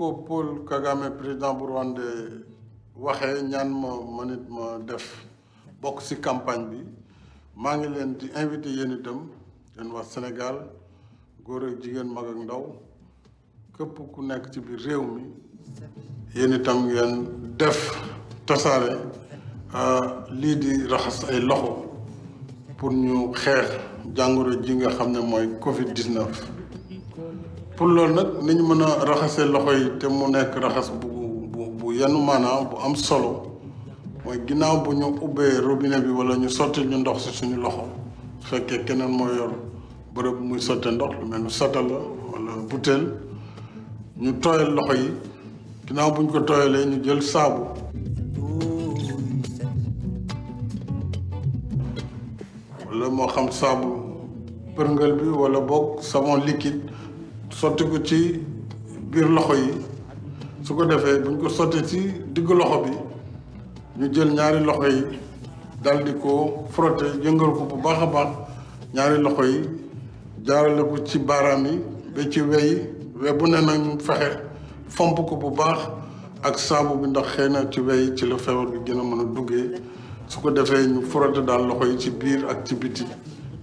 ko Paul Kagame président bu Rwanda waxee ñaan ma ma nit ma def bokk ci campagne bi maa ngi leen di invité yéen itam yéen wax Sénégal góor ak jigéen mag ak ndaw képp ku nekk ci biir réew mi yéen itam ngeen def tasaare lii di raxas ay loxo pour ñu xeex jàngoro ji nga xam ne mooy Covid 19. pour loolu nag ñu mën a raxasee loxo yi te mu nekk raxas bu bu bu yanu maanaam bu am solo mooy ginnaaw bu ñu ubbee robinet bi wala ñu sottil ñu ndox si suñu loxo bu fekkee keneen moo yor bërëb muy sotte ndox lu mel ni satala wala butéel ñu tooyal loxo yi ginnaaw buñ ko tooyalee ñu jël saabu. wala moo xam saabu përngal bi wala boog savon liquide. sotti ko ci biir loxo yi su ko defee buñ ko sottee ci diggu loxo bi ñu jël ñaari loxo yi daldi ko frotter yëngal ko bu baax a baax ñaari loxo yi jaarale ko ci baaraam yi ba ci wey we bu ne nag ñu fexe fomp ko bu baax ak saabu bi ndax xëy na ci wey ci la feebar bi gën a mën a duggee su ko defee ñu frotter daal loxo yi ci biir ak ci biti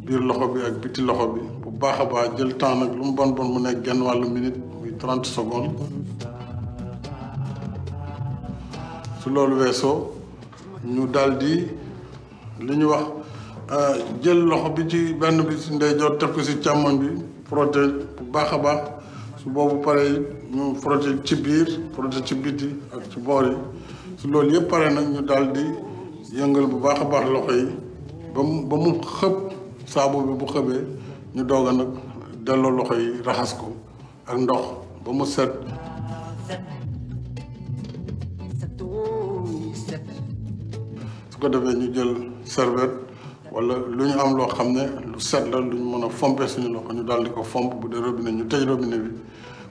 biir loxo bi ak biti loxo bi bu baax a baax jël temps nag lu mu bon bon mu nekk genn wàllu minute muy trente secondes su loolu weesoo ñu daldi li ñu wax euh, jël loxo bi ci benn bi ci ndeyjoor teg ko ci càmmoñ bi frotter bu baax a baax su boobu paree ñu frotter ci biir frotter ci biti ak ci boor yi su loolu yëpp pare nag ñu daldi yëngal bu baax a baax loxo yi ba mu ba mu xëpp saabu bi bu xëbee ñu dooga nag delloo loxo yi raxas ko ak ndox ba mu set su ko defee ñu jël serviette wala lu ñu am loo xam ne lu set la lu ñu mën a fompe suñu loxo ñu daal ko fomp bu dee robinet ñu tëj robinet bi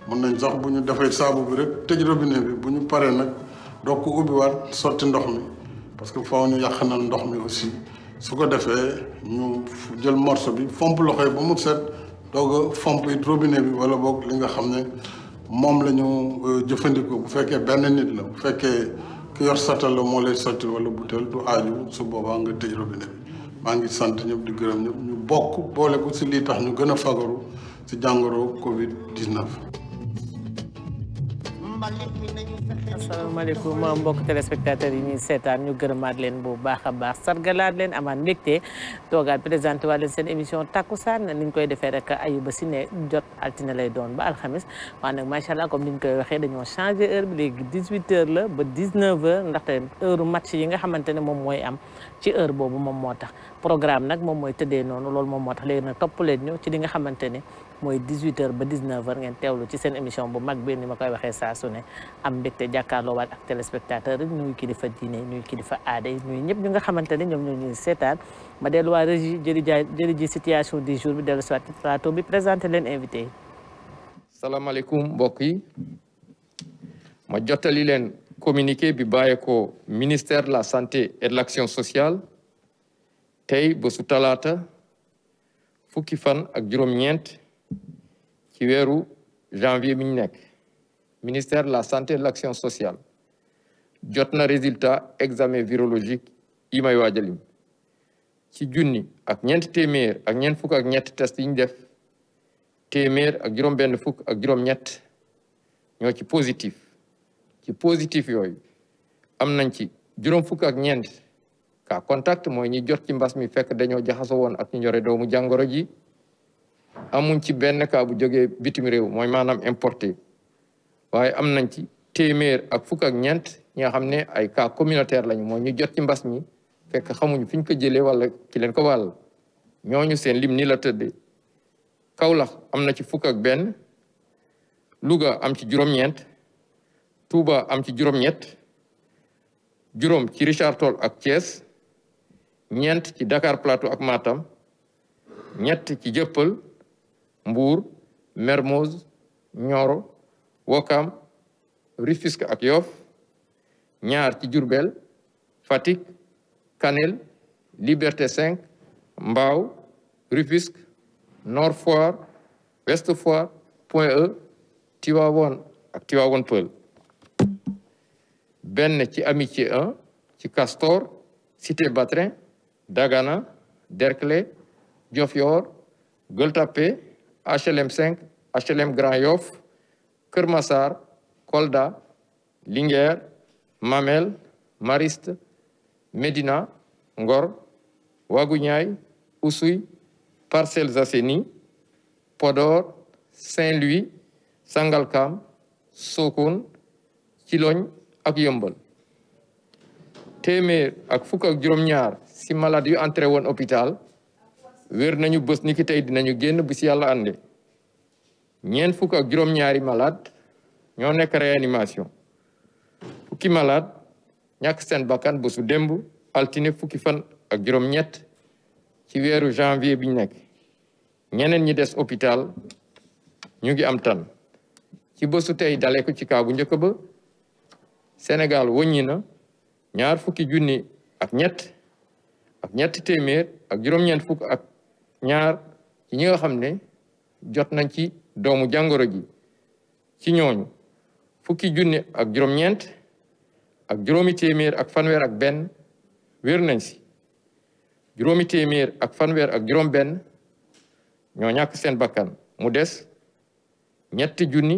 mën nañ sax bu ñu defee saabu bi rek tëj robine bi bu ñu paree nag doo ko ubbiwaat sotti ndox mi parce que faaw ñu yàq na ndox mi aussi su ko defee ñu jël morceau bi fomp loxo yi ba mu set doog a fomp it robinet bi wala boog li nga xam ne moom la ñu euh, jëfandikoo bu fekkee benn nit la bu fekkee ki yor satal la moo lay sotti wala butéel du aaju su boobaa nga tëj robinet bi maa ngi sant ñëpp di gërëm ñëpp ñu bokk boole ko si lii tax ñu gën a fagaru si jàngoro Covid 19. asalaamaaleykum mbokk téléspectateurs yi ñuy seetaan ñu gërëmaat leen bu baax a baax sargalaat leen amaat mbégte toogaat présenté waa leen seen émission takkusaan ni ñu koy defee rek ay ba si ne jot altine lay doon ba alxamis waaye nag macha allah comme ni ñu koy waxee dañoo changé heure bi léegi 18 heures la ba 19 heures ndaxte heure match yi nga xamante ne moom mooy am ci heure boobu moom moo tax programme nag moom mooy tëddee noonu loolu moom moo tax léegi nag topp leen ñu ci li nga xamante ni mooy 18h ba 19h ngeen teewlu ci seen émission bu mag bi ni ma koy waxee saa su ne am mbégte jàkkaarloo waat ak téléspectateur yi nuyu kilifa diine nuyu kilifa aada yi nuyu ñëpp ñu nga xamante ne ñoom ñoo ñuy seetaan ma delluwaa régie jëri jaay jëri ji situation du jour bi dellu soit ci plateau bi présenté leen invité yi salaamaaleykum mbokk yi ma communiqué bi ministère de la santé et de l'action sociale Téi Bosutalata, Foukifan fukki fan ak juróom janvier Minek, ministère de la santé et de l'action sociale Jotna résultat examen virologique yi Wadjalim. Si ci junni ak Fouk téeméer ak ak test yi ñu def téeméer ak juróom positif ci positif yooyu am nañ ci juróom fukk ak ñeent cas contact mooy ñi jot ci mbas mi fekk dañoo jaxasoo woon ak ñu doomu jàngoro ji amuñ ci benn cas bu jógee bitim réew mooy maanaam importé waaye am nañ ci téeméer ak fukk ak ñeent ñi xam ne ay cas communautaire lañu mooy ñu jot ci mbas mi fekk xamuñu fiñ ñu ko jëlee wala ci leen ko wàll ñooñu seen lim ni la tëdd kawlax am na ci fukk ak benn Louga am ci juróom-ñeent Touba am ci juróom-ñett juróom ci Richard Toll ak Thiès ñeent ci Dakar Plateau ak Matam ñett ci Jëppal Mbour Mermoz Nioro Wakam Rufisque ak Yoff ñaar ci Diourbel Fatick Kanel Liberté 5 Mbao Rufisque Nord Foire Ouest Foire Point E Tivaouane ak Tivaouane Peulh Ben ci amitié 1 Castor cité Batrin Dagana derkley, Diofior Goltapé, HLM 5 HLM Grand Yoff Kermassar, Kolda Linger, Mamel Mariste Medina, Ngor ouagunay, Usui, Parcelles Assainies Podor Saint-Louis Sangalkam Sokoun, Chilogne, ak yombal téeméer ak fukk ak juróom-ñaar si malade yu entré woon hôpital wér nañu bés ni ki tey dinañu génn bu si yàlla ànde ñeent fukk ak juróom-ñaari malade ñoo nekk réanimation fukki malade ñàkk seen bakkan bésu démb altine fukki fan ak juróom-ñett ci weeru janvier biñ nekk ñeneen ñi des hôpital ñu ngi am tan ci bésu tey dale ko ci kaa bu njëkk ba Sénégal wëññi na ñaar fukki junni ak ñett ak ñetti téeméer ak juróom-ñeent fukk ak ñaar ci ñi nga xam ne jot nañ ci doomu jàngoro ji ci ñooñu fukki junni ak juróom-ñeent ak juróomi téeméer ak fanweer ak benn wér nañ si juróomi téeméer ak fanweer ak juróom-benn ñoo ñàkk seen bakkan mu des ñetti junni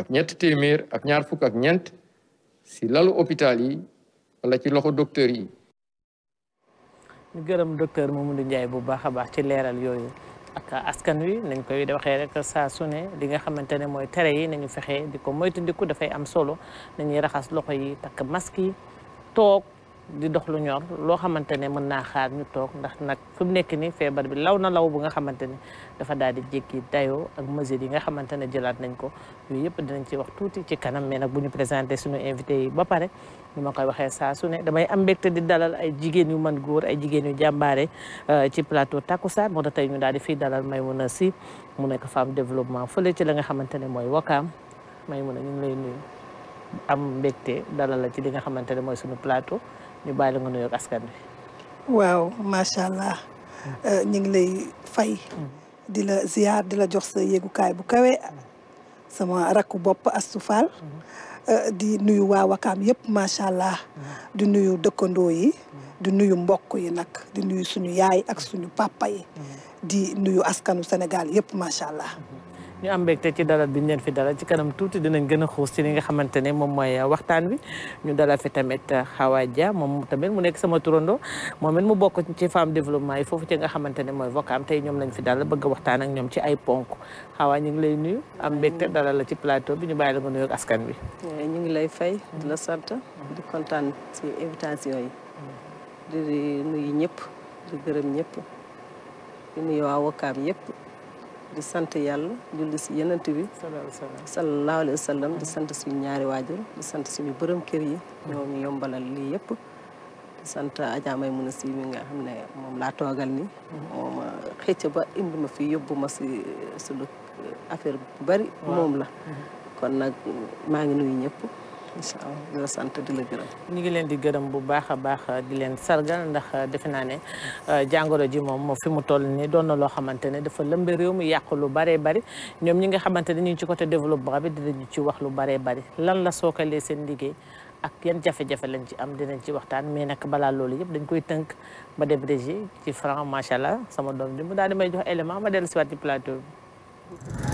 ak ñetti téeméer ak ñaar fukk ak ñeent si lalu hôpital yi wala ci loxo docteur yi. ñu gërëm docteur Mamadou njaay bu baax a baax ci leeral yooyu ak askan wi nañ koy waxee rek saa ne li nga xamante ne mooy tere yi nañu fexe di ko moytandiku dafay am solo nañuy raxas loxo yi takk maski yi di dox lu ñor loo xamante ne mën naa xaar ñu toog ndax nag fu mu nekk nii feebar bi law na law bu nga xamante ne dafa daal di jékki dayoo ak mesures yi nga xamante ne jëlaat nañ ko yooyu yëpp danañ ci wax tuuti ci kanam mais nag bu ñu présenté suñu invité yi ba pare ñu ma koy waxee saa su ne damay am mbégte di dalal ay jigéen yu mën góor ay jigéen yu jàmbaare euh, ci plateau Takussan moo tax tey ñu daal di fii dalal Maimouna si mu nekk femme développement fële ci la nga xamante ne mooy Wakaam Maimouna ñu ngi lay nuyu am mbégte dalal la ci li nga xamante ne mooy suñu plateau ñu bàyyi la nga nuyoog askan bi waaw macha allah euh, ñu ngi lay fay mm. di la ziar di la jox sa yéegukaay bu kawe sama rakku bopp Astou Fall mm. euh, di nuyu waa Wakaam yëpp macha allah mm. di nuyu dëkkandoo yi di nuyu mbokk yi nag di nuyu suñu yaay ak suñu papa yi di nuyu askanu Sénégal yëpp macha allah mm-hmm. ñu am mbégte ci dalal bi ñu fi dalal ci kanam tuuti dinañ gën a xuus ci li nga xamante ne moom mooy waxtaan wi ñu dalal fi tamit Hawa Dia moom tamit mu nekk sama turando moom it mu bokk ci femme développement yi foofu ci nga xamante ne mooy Wakaam tey ñoom fi dalal bëgg waxtaan ñoom ci ay ponk Hawa ñu ngi lay nuyu am mbégte dalal la ci plateau bi ñu bàyyi la nga nuyoog askan wi. Eh, ñu ngi lay fay di la sant di kontaan ci invitation yi di nuyu ñëpp di gërëm ñëpp di nuyu waa Wakaam yëpp. di sant yàlla julli si yenant bi sallallahu alayhi wa sallam di sant si ñaari waajur sant suñu borom kër yi ñoom yombalal lii yëpp di sant Adja mun a si mi nga xam ne moom laa toogal ni moom xëcc ba indi ma fi yóbbu ma si suñu affaire bu bari moom la kon nag maa ngi nuyu ñëpp incha allah di la sant di la gërëm. ñu ngi leen di gërëm bu baax a baax di leen sargal ndax euh, defe naa ne euh, jàngoro ji moom fi mu toll nii doon na loo xamante ne dafa lëmbe réew mi yàq lu baree bari ñoom ñi nga xamante ne ñu ngi ci côté développement bi dinañu ci wax lu baree bari lan la sookalee seen liggéey. ak yan jafe-jafe lañ ci am dinañ ci waxtaan mais nag balaa loolu yëpp dañ koy tënk ba débrégé ci franc macha allah sama doom bi mu daal di may jox élément ma dellu si waat ci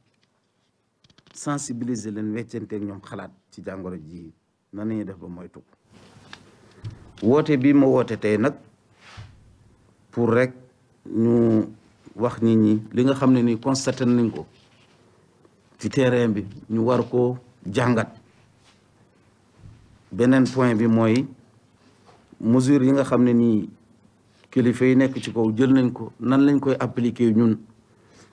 sensibiliser leen weccanteeg ñoom xalaat ci jàngoro ji nan la ñuy def ba moytu woote bii ma woote tey nag pour rek ñu wax nit ñi li nga xam ne ni constaté nañ ko ci terrain bi ñu war koo jàngat beneen point bi mooy mesure yi nga xam ne nii kilifa yi nekk ci kaw jël nañ ko nan lañ koy appliquer ñun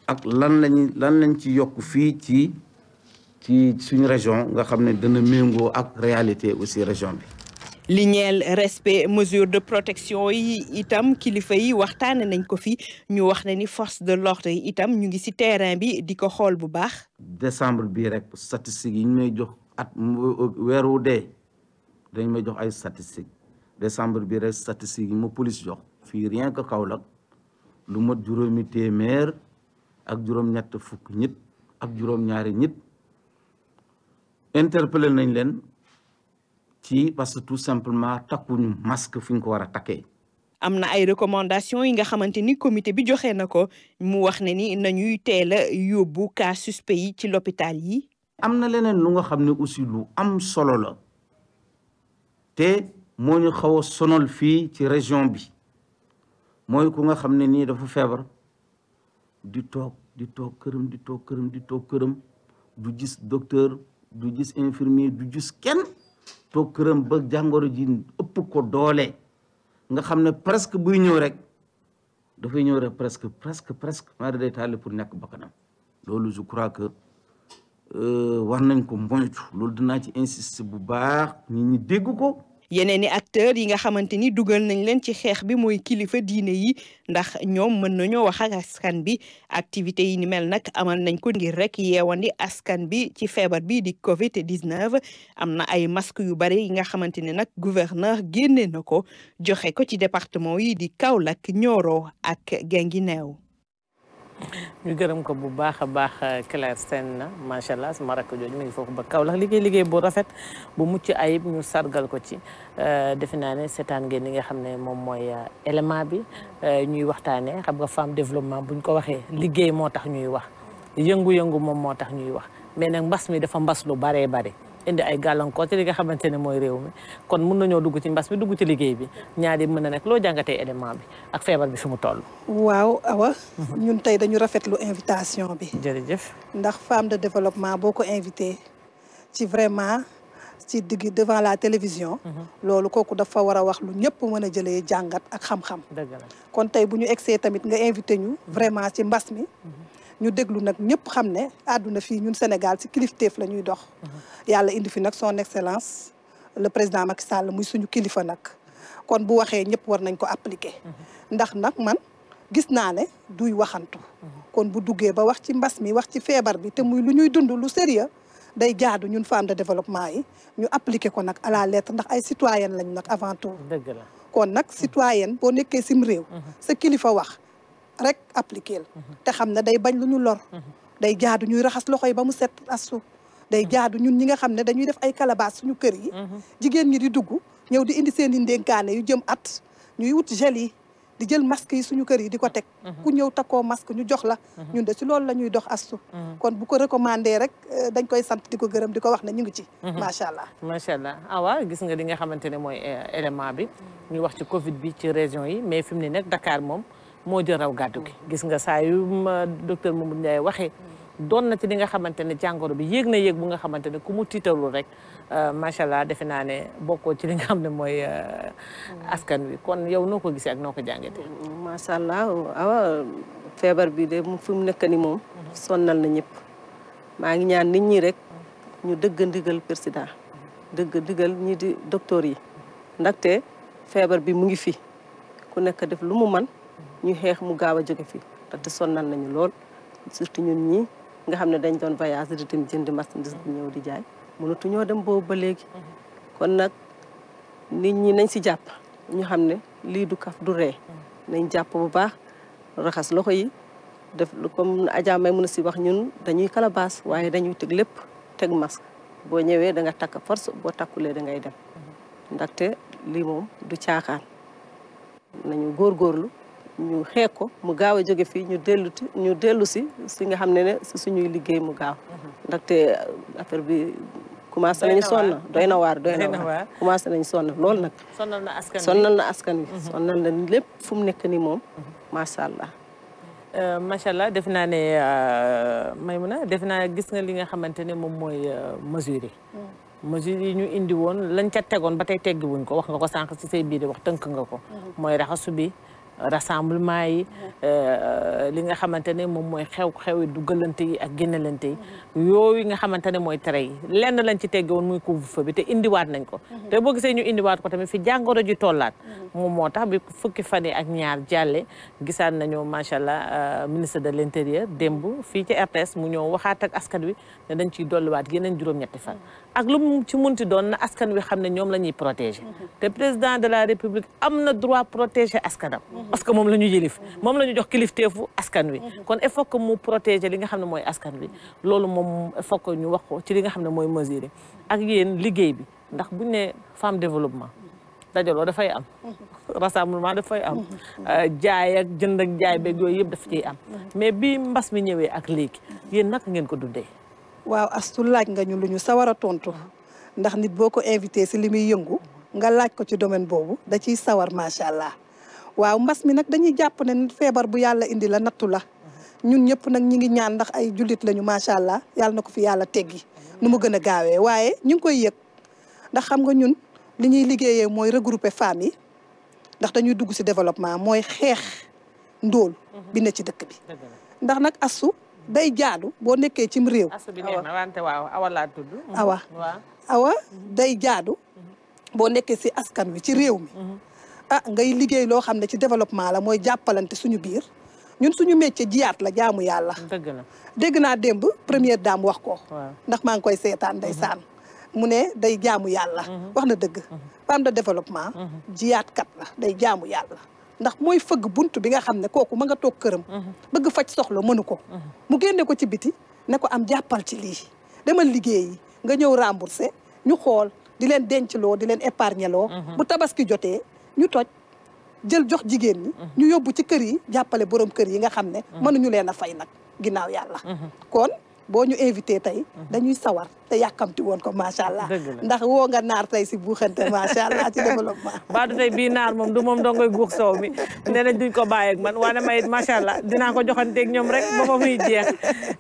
ak lan lañ lan lañ ci yokk fii ci ci suñu région nga xam ne dana méngoo ak réalité aussi région bi. li ñeel respect mesure de protection yi itam kilifa yi waxtaane nañ ko fi ñu wax ne ni force de l'ordre yi itam ñu ngi ci terrain bi di ko xool bu baax. décembre bii rek statistiques yi ñu may jox at weer wu dañ may jox ay statistiques décembre bii rek ma police jox fii rien que Kaolack lu mat juróomi téeméer ak juróom-ñett fukk nit ak juróom-ñaari nit. interpellé nañ leen ci parce que tout simplement takkuñu masque fu ñu ko war a takkee. am na ay recommandations yi nga xamante ni comité bi joxe na ko mu wax ne ni nañuy teel a yóbbu cas suspect yi ci l'hôpital yi. am na leneen lu nga xam ne aussi lu am solo la te moo ñu xaw a sonal fii ci région bi mooy ku nga xam ne nii dafa feebar di toog di toog këram di toog këram di toog këram du gis docteur. du gis infirmier du gis kenn toog këram ba jàngoro ji ëpp ko doole nga xam ne presque buy ñëw rek dafay ñëw rek presque presque presque maa day taali pour nekk bakkanam loolu je crois que euh, war nañ ko moytu loolu dinaa ci insister bu baax ñi ñi dégg ko yeneen i acteurs yi nga xamante ni dugal nañ leen ci xeex bi mooy kilifa diine yi ndax ñoom mën nañoo wax ak askan bi activité yi ni mel nag amal nañ ko ngir rek yeewandi askan bi ci feebar bi di Covid 19 am na ay masque yu bari yi nga xamante ne nag gouverneur génne na ko joxe ko ci département yi di Kaolack Nioro ak Guinguinéo ñu gërëm ko bu baax a baax Claire na macha allah sama rakk jooju mi foofu ba kaw lax liggéey liggéey bu rafet bu mucc ayib ñu sargal ko ci euh, defe naa ne seetaan ngeen li nga xam ne moom mooy euh, élément bi euh, ñuy waxtaanee xam nga femme développement buñ ko waxee liggéey moo tax ñuy wax yëngu-yëngu moom moo tax ñuy wax mais nag mbas mi dafa mbas lu baree bare indi ay gàllankoor ci li nga xamante ne mooy réew mi kon mun nañoo dugg ci mbas mi dugg ci liggéey bi ñaari mën na nekk loo jàngatee élément bi ak feebar bi fi mu toll. waaw awa. Mhm. ñun tey dañu rafetlu invitation bi. ndax femme de développement boo ko invité ci vraiment ci digg devant la télévision. Mhm. loolu kooku dafa war a wax lu ñëpp mën a jëlee jàngat ak xam-xam. dëgg la kon tey bu ñu egsee tamit nga invité ñu. vraiment ci mbas mi. Mhm. ñu déglu nag ñëpp xam ne àdduna fii ñun Sénégal ci kilifteef la ñuy dox. yàlla indi fi nag son excellence le président Macky Sall muy suñu kilifa nag kon bu waxee ñëpp war nañ ko appliquer. ndax nag man gis naa ne duy waxantu. kon bu duggee ba wax ci mbas mi wax ci feebar bi te muy lu ñuy dund lu sérieux day jaadu ñun femme de développement yi ñu appliquer ko nag à la lettre ndax ay citoyenne lañ nag avant tout. la kon nag citoyenne boo nekkee sim réew. Mmh. sa kilifa rek appliqué te xam na day bañ lu ñu lor day jaadu ñuy raxas loxo yi ba mu set asu day jaadu ñun ñi nga xam ne dañuy def ay calebasse suñu kër yi jigéen ñi di dugg ñëw di indi seen i ndénkaane yu jëm at ñuy wut gel yi di jël masque yi suñu kër yi di ko teg ku ñëw takkoo masque ñu jox la ñun de ci loolu la ñuy dox astu kon bu ko recommandé rek euh, dañ koy sant di ko gërëm di ko wax ne ñu ngi ci macha allah macha allah awa gis nga li nga xamante ne mooy euh, élément bi ñu wax ci covid bi ci région yi mais fi mu ne nag Dakar moom moo jël raw gàddu gi gis nga saa yu ma mm, ah, docteur Mamadou Ndiaye waxee doon na ci li nga xamante ne jàngoro bi yéeg na yéeg bu nga xamante ne ku mu tiitalu rek ah, macha allah defe naa ne bokkoo ci li nga xam ne mooy ah, askan wi kon yow noo ko gisee ak noo ko jàngatee. macha allah feebar bi de fi mu nekk nii moom. sonnal na ñëpp maa ngi ñaan nit ñi rek ñu dëgg ndigal président dëgg ndigal ñii di docteur yi ndaxte feebar bi mu ngi fi ku nekk def lu mu man ñu xeex mu gaaw a jóge fi ndaxte sonnal nañu lool surtout ñun ñi nga xam ne dañ doon voyage di dem jënd marchandise di ñëw di jaay mënatuñoo dem boobu ba léegi kon nag nit ñi nañ si jàpp ñu xam ne lii du kaf du ree nañ jàpp bu baax raxas loxo yi def comme Adja may mën a si wax ñun dañuy kalabaas waaye dañuy teg lépp teg masque boo ñëwee da nga takk force boo takkulee da ngay dem ndaxte lii moom du caaxaan nañu góorgóorlu ñu xeex ko mu gaaw a jóge fii ñu dellu ñu dellu si si nga xam ne ne si suñuy liggéey mu gaaw mm-hmm. ndaxte euh, affaire bi commencé nañu sonn doy na waar doy na waar commencé nañu sonn lool nag sonnal na askan sonnal na askan wi mm-hmm. sonnal na lépp fu mu nekk ni moom mm-hmm. macha allah euh, macha allah def naa ne may euh, Maymuna def naa gis nga li nga xamante ne moom mooy mesure yi mm. mesures yi ñu indi woon lañ ca tegoon ba tey teggi wuñ ko wax nga ko sànq si say de wax tënk nga ko mooy raxasu bi rassemblement yi euh, li nga xamante ne moom mooy xew-xewi xew dugalante yi ak génnalante yi yooyu nga xamante ne mooy tere yi lenn lañ ci tegge woon muy couvre-feu bi te indiwaat nañ ko mhm. te boo gisee ñu indiwaat ko tamit fi jàngoro ji tollaat mhm. moom moo tax bi fukki fan yi ak ñaar jàlle gisaat nañu macha allah euh, ministre de l'intérieur démb fii ci RTS mu ñëw waxaat ak askan wi ne dañ ciy dolliwaat yeneen juróom-ñetti fan mhm. ak lu mu ci munti doon na askan wi xam ne ñoom la ñuy protéger te président de la république am na droit protéger askanam parce que moom la ñu yëlif moom la ñu jox kilifteefu askan wi kon il faut que mu protéger li nga xam ne mooy askan wi loolu moom il faut ñu wax ko ci li nga xam ne mooy mesure ak yéen liggéey bi ndax bu buñ ne femme développement dajaloo dafay am rassemblement dafay am euh, jaay ak jën ak jaay beeg yooyu yëpp dafa ciy am mais bi mbas mi ñëwee ak léegi yéen naka ngeen ko dundee waaw astu laaj nga ñu luñu sawara tontu ndax nit boko invité si yëngu nga laaj ko ci domaine bobu da ci sawar macha allah waaw mbass mi nak dañuy japp ne febar bu yalla indi la nattu la ñun ñëpp nak ñi ngi ñaan ndax ay julit lañu macha allah yàlla na fi yalla teggi nu mu gëna gaawé wayé ñu ngi koy yek ndax xam nga ñun li ñuy liggéeyé moy regrouper femmes yi ndax dañuy dugg ci développement moy xex ndol bi ne ci dëkk bi ndax nak asu day jaadu boo nekkee cim réew. awa mhm. awa day jaadu. boo nekkee si askan wi ci réew mi. Mhm. ah ngay liggéey loo xam ne ci développement la mooy jàppalante suñu biir ñun suñu métier jiyaat la jaamu yàlla. dëgg la dégg naa démb première dame wax ko. ndax maa ngi koy seetaan day saan mu ne day jaamu yàlla. Mhm. wax na dëgg. femme de développement. jiyaatkat la day jaamu yàlla. ndax mooy fëgg bunt bi nga xam ne kooku ma nga toog këram mhm. bëgg faj soxla mënu ko mhm. mu génne ko ci biti ne ko am jàppal ci lii dama liggéeyi nga ñëw remboursé ñu xool di leen dencloo di leen épargne loo mhm. bu tabaski jotee ñu toj jël jox jigéen ñi ñu yóbbu ci kër yi jàppale borom kër yi nga xam ne mënuñu leen a fay nag ginnaaw yàlla kon boo ñu invité tey mhm. dañuy sawar te yàkkamti woon ko macha allah ndax woo nga naar tey si buuxante macha allah ci développement baadu tey bii naar moom du moom dongoy guux soow mi nee nañ duñ ko bàyyi ak man waane mayit macha allah dinaa ko joxanteeg ñoom rek ba ma muy jeex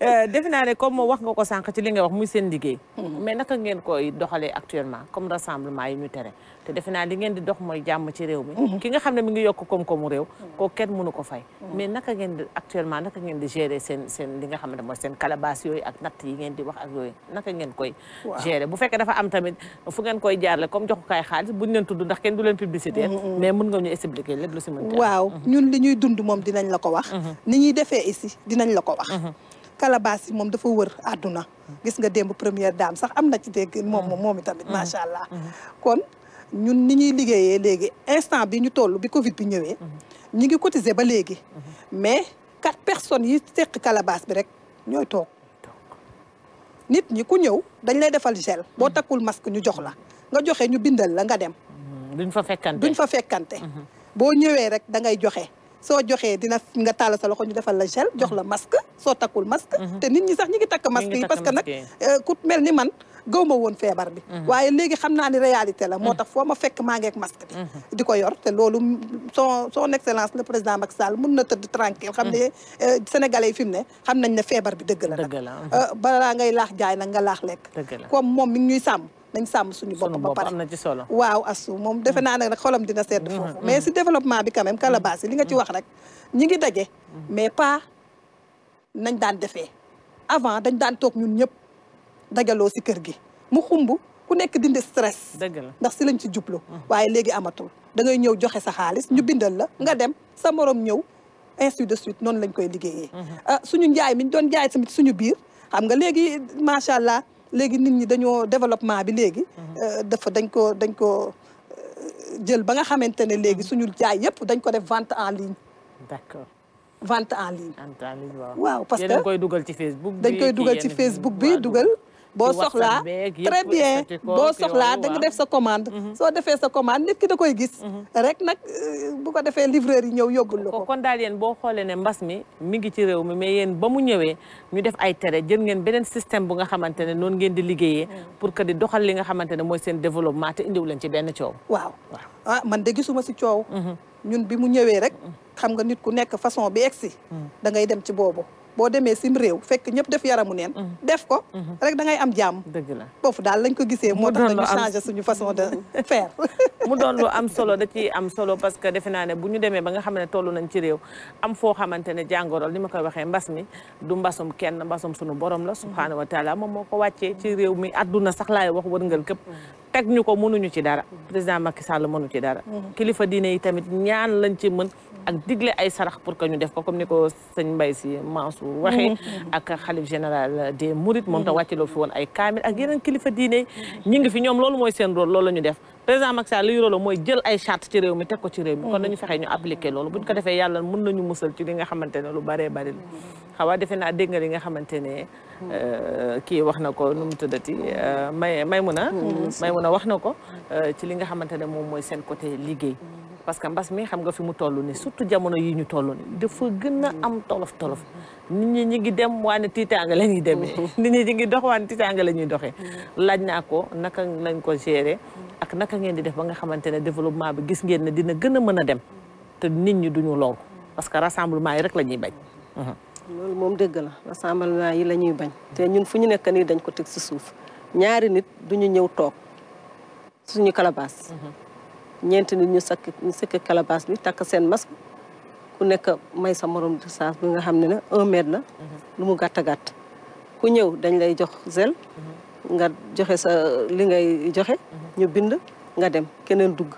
euh, defe naa ne comme wax nga ko sànq ci li nga wax muy seen liggéey mhm. mais naka ngeen koy doxale actuellement comme rassemblement yi ñu tere te defe naa li ngeen di dox mooy jàmm ci réew mi mhm. ki nga xam ne mi ngi yokk koom-koomu réew mhm. koo kenn mënu ko fay mhm. mais naka ngeen di actuellement ngeen di gérer seen seen li nga xam ne mooy seen calabas di wax ak yooyu naka ngeen koy gérer bu fekkee dafa am tamit fu ngeen koy jaarale comme joxukaay xaalis buñ leen tudd ndax kenn leen publicité mais mën nga ñu expliquer li ñuy dund moom dinañ la ko wax ni ñuy defee ici dinañ la ko wax calebasse yi moom dafa wër àdduna gis nga démb première dame sax am na ci dégg moom moom moom itamit macha allah kon Nous ni ñuy pas. instant bi ñu Covid bi mhm. mhm. mais 4 personnes yi bi rek nous nit ñi ku ñëw dañ lay gel. Mhm. masque ñu jox la nga nous ñu bindal la dem. duñ fa fekkante duñ fa fekkante. boo rek da ngay dina nga sa loxo ñu la masque masque. masque parce euh, gaw ma woon feebar bi mhm. waaye léegi xam naa ni réalité la moo mhm. tax foo ma fekk maa ngi ak masque bi mhm. di ko yor te loolu son son excellence le président Macky saal mun na tëdd tranquille xam ne euh, sénégalais yi fi ne xam nañ ne feebar bi dëgg la nag euh, balaa ngay laax jaay nag nga laax lekk comme moom mi ngi ñuy sàmm nañ sàmm suñu bopp ba pare am na waaw asu moom defe naa nag xolam dina sedd foofu mais si développement bi quand même Calabas yi li nga ci wax rek ñi ngi daje mais pas nañ daan defee avant dañ daan toog ñun ñëpp dajaloo si kër gi mu xumb ku nekk dindi stress. dëgg la ndax si lañ si jublu. Mm. waaye léegi amatul da ngay ñëw joxe sa xaalis ñu mm. bindal la nga dem sa moroom ñëw ainsi de suite noonu lañ koy liggéeyee. Mm-hmm. Ah, suñu njaay mi ñu doon jaay tamit suñu biir xam nga léegi macha allah léegi nit ñi dañoo développement bi léegi. Mm-hmm. Euh, dafa dañ ko dañ ko euh, jël ba nga xamante ne léegi mm-hmm. suñu jaay yëpp dañ ko def vente en ligne. d'accord. en ligne. vente en ligne waaw. parce que dañ koy dugal ci Facebook bi dañ koy dugal ci Facebook bi dugal. boo soxlaa très bien boo soxlaa da nga def sa commande mhm. soo defee sa commande nit ki da koy gis mhm. rek nag euh, bu ko defee livreur yi ñëw yóbbul la ko kon daal yéen boo xoolee ne mbas mi mi ngi ci réew mi mais yéen ba mu ñëwee ñu def ay tere jël ngeen beneen système bu nga xamante ne noonu ngeen di liggéeyee mm. pour que di doxal li nga xamante ne mooy seen développement te indiw leen ci benn coow waaw ah man de gisuma si coow mhm. ñun bi mu ñëwee rek mm. xam nga nit ku nekk façon bi egsi mm. da ngay dem ci boobu boo demee sim réew fekk ñëpp def yaramu neen mm. def ko mm-hmm. rek da ngay am jàmm dëgg la foofu daal lañ ko gisee moo tax dañu changé suñu façon de faire mu doon am solo da ciy am solo parce que defe naa ne bu ñu demee ba nga xam ne toll nañ ci réew am foo xamante ne jàngoro li ma koy waxee mbas mi du mbasum kenn mbasum suñu borom la subhaanahu wa taala moom moo ko wàccee ci réew mi àdduna sax laay wax wërngal këpp mm. teg ñu ko mënuñu ci dara président Macky Sall mënu ci dara mm. kilifa diine yi tamit ñaan lañ ci mën ak digle ay sarax pour que ñu def ko comme ni ko sëñ Mbaye si Mansour waxee mm-hmm. Mm-hmm. ak xalif général des Mourides moom ta mm-hmm. wàcce loolu fi woon ay kaamil ak yeneen kilifa diine ñi ngi fi ñoom loolu mooy seen rôle loolu la ñu def président Macky Sall liy mooy jël ay charte ci réew mi teg ko ci réew mi kon nañu fexee ñu appliqué loolu buñ ko defee yàlla mën nañu musal ci li nga xamante ne lu baree bari la xawaa defe naa dégg nga li nga xamante ne euh, kii wax na ko nu mu tuddati euh, may Maymuna Maymuna wax na ko euh, ci li nga xamante ne moom mooy seen côté liggéey parce que mbass mi xam nga fi mu tollu ni surtout jamono yi ñu tollu ni dafa gëna am tolof tolof nit ñi ñi ngi dem waane tiitaanga la ñi dem mm-hmm. nit ñi ñi ngi dox waane tiitaanga la ñi doxé mm-hmm. laaj na ko naka lañ ko géré mm-hmm. ak naka ngeen di def ba nga xamantene développement bi gis ngeen ne dina gëna mëna dem te nit ñi duñu lool parce que rassemblement yi rek la ñuy bañ lool mom dëgg la rassemblement yi la bañ te ñun fu ñu nekk ni dañ ko tek ci suuf ñaari nit duñu ñëw tok suñu ñeenti nit ñu sakk ñu sëkk calebasse bi takk seen masque ku nekk may sa moroom morom distance bi nga xam ne ne un mètre la lu mu gàtt gàtt ku ñëw dañ lay jox zel nga joxe sa li ngay joxe ñu bind nga dem keneen dugg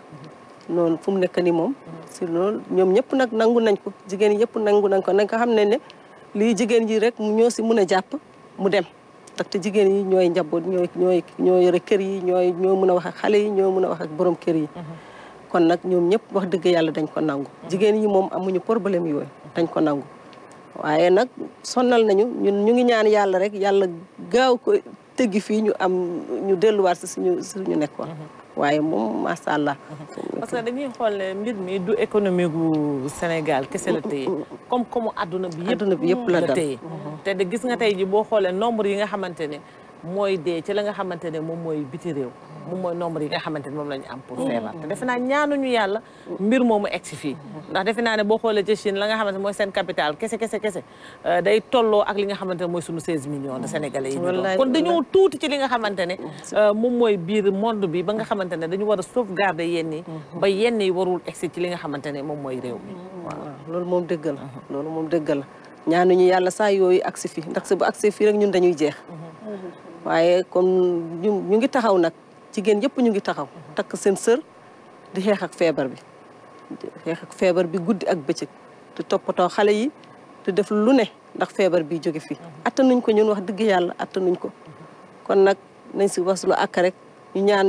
noonu fu mu nekk ni moom si loolu ñoom ñëpp nag nangu nañ ko jigéen yëpp nangu nañ ko nañ ko xam ne ne lii jigéen yi rek ñoo si mun a jàpp mu dem ndaxte jigéen yi ñooy njaboot ñooy ñooy ñoo yore kër yi ñooy ñoo mun a wax ak xale yi ñoo mun a wax ak borom kër yi kon nag ñoom ñëpp wax dëgg yàlla dañ ko nangu jigéen ñi moom amuñu problème yooyu dañ ko nangu waaye nag sonnal nañu ñun ñu ngi ñaan yàlla rek yàlla gaaw ko tëgg fii ñu am ñu delluwaat si suñu suñu nekkoon waaye moom macha allah. parce que dañuy xool mbir mi du économie gu Sénégal kese la téye. comme comme adduna bi yëpp bi yëpp la téye. Mm-hmm. te de gis nga tey boo xoolee nombre yi nga xamante ne. mooy dee ci la nga xamante ne moom mooy biti réew moom mooy nombre yi nga xamante ne moom la ñu am pour feebar te defe naa ñaanuñu yàlla mbir moomu egsi fii ndax defe naa ne boo xoolee ci la nga xamante mooy seen capital kese kese kese euh, day tolloo ak li nga xamante ne mooy sunu 16 millions de sénégalais yi kon dañoo tuuti ci li xamante ne euh, moom mooy biir monde bi ba nga xamante ne dañu war a sauvegarder yenn ba yenn yi warul egsi ci li nga xamante ne moom mooy réew mm-hmm. loolu moom dëgg la loolu moom dëgg la ñaanuñu yàlla saa yooyu agsi fi ndax bu agsi fii rek ñun dañuy jeex mm-hmm. waaye comme ñu ngi taxaw nag jigéen yëpp ñu ngi taxaw mm-hmm. takk seen sër di xeex ak feebar bi xeex feebar bi guddi ak bëccëg di toppatoo xale yi di def lu ne ndax feebar bi jóge fii mm-hmm. attanuñ ko ñun wax dëgg yàlla attanuñ ko mm-hmm. kon nag nañ si wax suñu rek ñu ñaan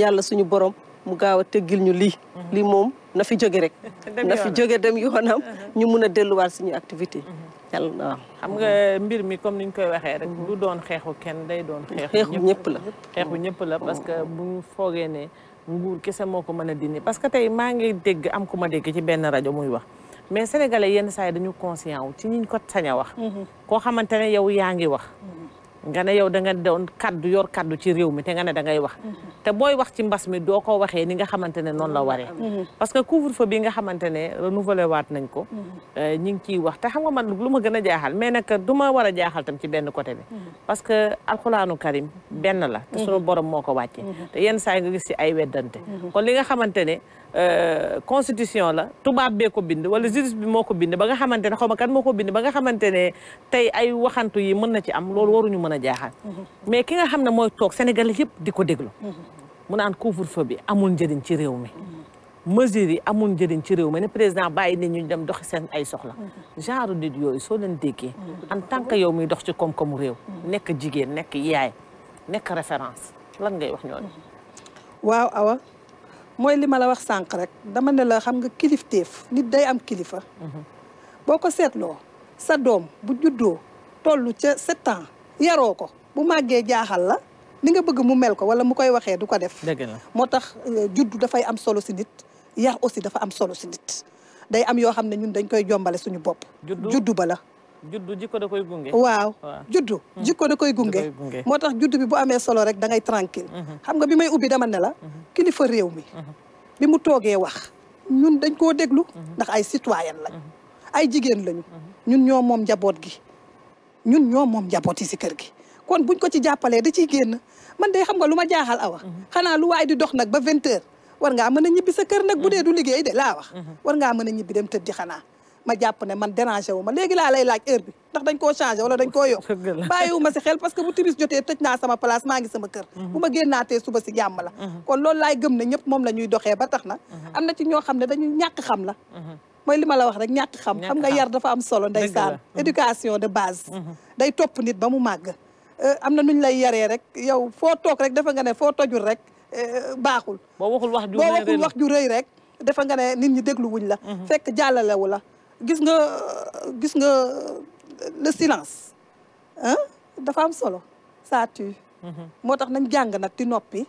yàlla suñu borom mu gaaw a teggil ñu lii lii moom na fi jóge rek na fi jóge dem yoonam ñu mun a delluwaat suñu activité yàlla xam nga mbir mi comme ni ñu koy waxee rek. du doon xeexu kenn day doon. xeexu ñëpp la xeexu ñëpp la mm. parce que bu ñu foogee ne nguur kese moo ko mën a dindi parce que tey maa ngi dégg am ku ma dégg ci benn rajo muy wax. mais sénégale yenn saa yi dañu conscient wu ci ñiñ ko sañ a wax. Mm-hmm. koo xamante ne yow yaa ngi wax. Mm-hmm. nga ne yow da nga doon kaddu yor kaddu ci réew mi te nga ne da ngay wax mhm. te booy wax ci mbas mi doo ko waxee ni nga xamante ne noonu la waree mhm. Mhm. parce que couvre-feu bi nga xamante ne renouvelé waat nañ ko euh, ñi ngi ciy wax te xam nga man lu ma gën a jaaxal mais nag du ma war a jaaxal tam ci benn côté bi parce que alxuraanu karim benn la te sunu borom moo ko wàcce te yenn saa yi nga gis ci ay weddante kon li nga xamante ne euh, constitution la tubaab bee ko bind wala juris bi moo ko bind ba nga xamante ne xaw ma kan moo ko bind ba nga xamante ne tey ay waxantu yi mën na ci am loolu waruñu mën mën a mais ki nga xam ne mooy toog Sénégalais yëpp di ko déglu mu naan couvre-feu bi amul njëriñ ci réew mi mesures yi amul njëriñ ci réew mi ne président bàyyi nit ñu dem doxi seen ay soxla genre nit yooyu soo leen déggee en que yow muy dox ci koom-koomu réew nekk jigéen nekk yaay nekk référence lan ngay wax ñooñu waaw awa mooy li ma la wax sànq rek dama ne la xam nga kilifteef nit day am kilifa mhm. boo ko seetloo sa doom bu juddoo toll ca sept yaroo ko bu màggee jaaxal la ni nga bëgg mu mel ko wala mu koy waxee du ko def. dëgg la moo tax euh, juddu dafay am solo si nit yar aussi dafa am solo si nit day am yoo xam ne ñun dañ koy jombale suñu bopp. juddu ba la. juddu jikko da waaw juddu hmm. jikko da koy gunge. moo tax juddu bi bu amee solo rek dangay ngay tranquille hmm. xam nga bi may ubbi dama ne la. Hmm. kilifa réew mi. bi mu toogee wax. ñun dañ koo déglu. ndax ay citoyen la ay jigéen lañu. ñun ñoo moom njaboot gi. ñun ñoo moom njaboot yi si kër gi kon buñ ko ci jàppalee da ciy génn man day xam nga lu ma jaaxal awa mhm. xanaa lu waay di dox nag ba vingt war ngaa mën a ñibbi sa kër nag bu dee mhm. du liggéey de laa wax mhm. war ngaa mën a ñibbi dem tëddi xanaa ma jàpp ne man dérangé wu ma léegi laa lay laaj heure bi ndax dañ koo changé wala dañ koo yokk bàyyiwu ma si xel parce que bu timis jotee tëj naa sama place maa ngi sama kër bu ma génnaatee suba si jàmm la kon loolu laay gëm ne ñëpp moom la ñuy doxee ba tax na am na ci ñoo xam ne dañuy ñàkk xam la mooy li ma la wax rek ñàkk xam xam nga yar dafa am solo nday ndeysaan mm-hmm. éducation de base mm-hmm. day topp nit ba mu màgg euh, am na nuñ lay yaree rek yow foo toog rek dafa nga ne foo tojul rek euh, baaxul boo waxul wax ju rëy rek dafa nga ne nit ñi déglu wuñ la mm-hmm. fekk jàllalewu la gis nga gis nga euh, le silence dafa am solo ça tue moo tax nañ jàng nag di noppi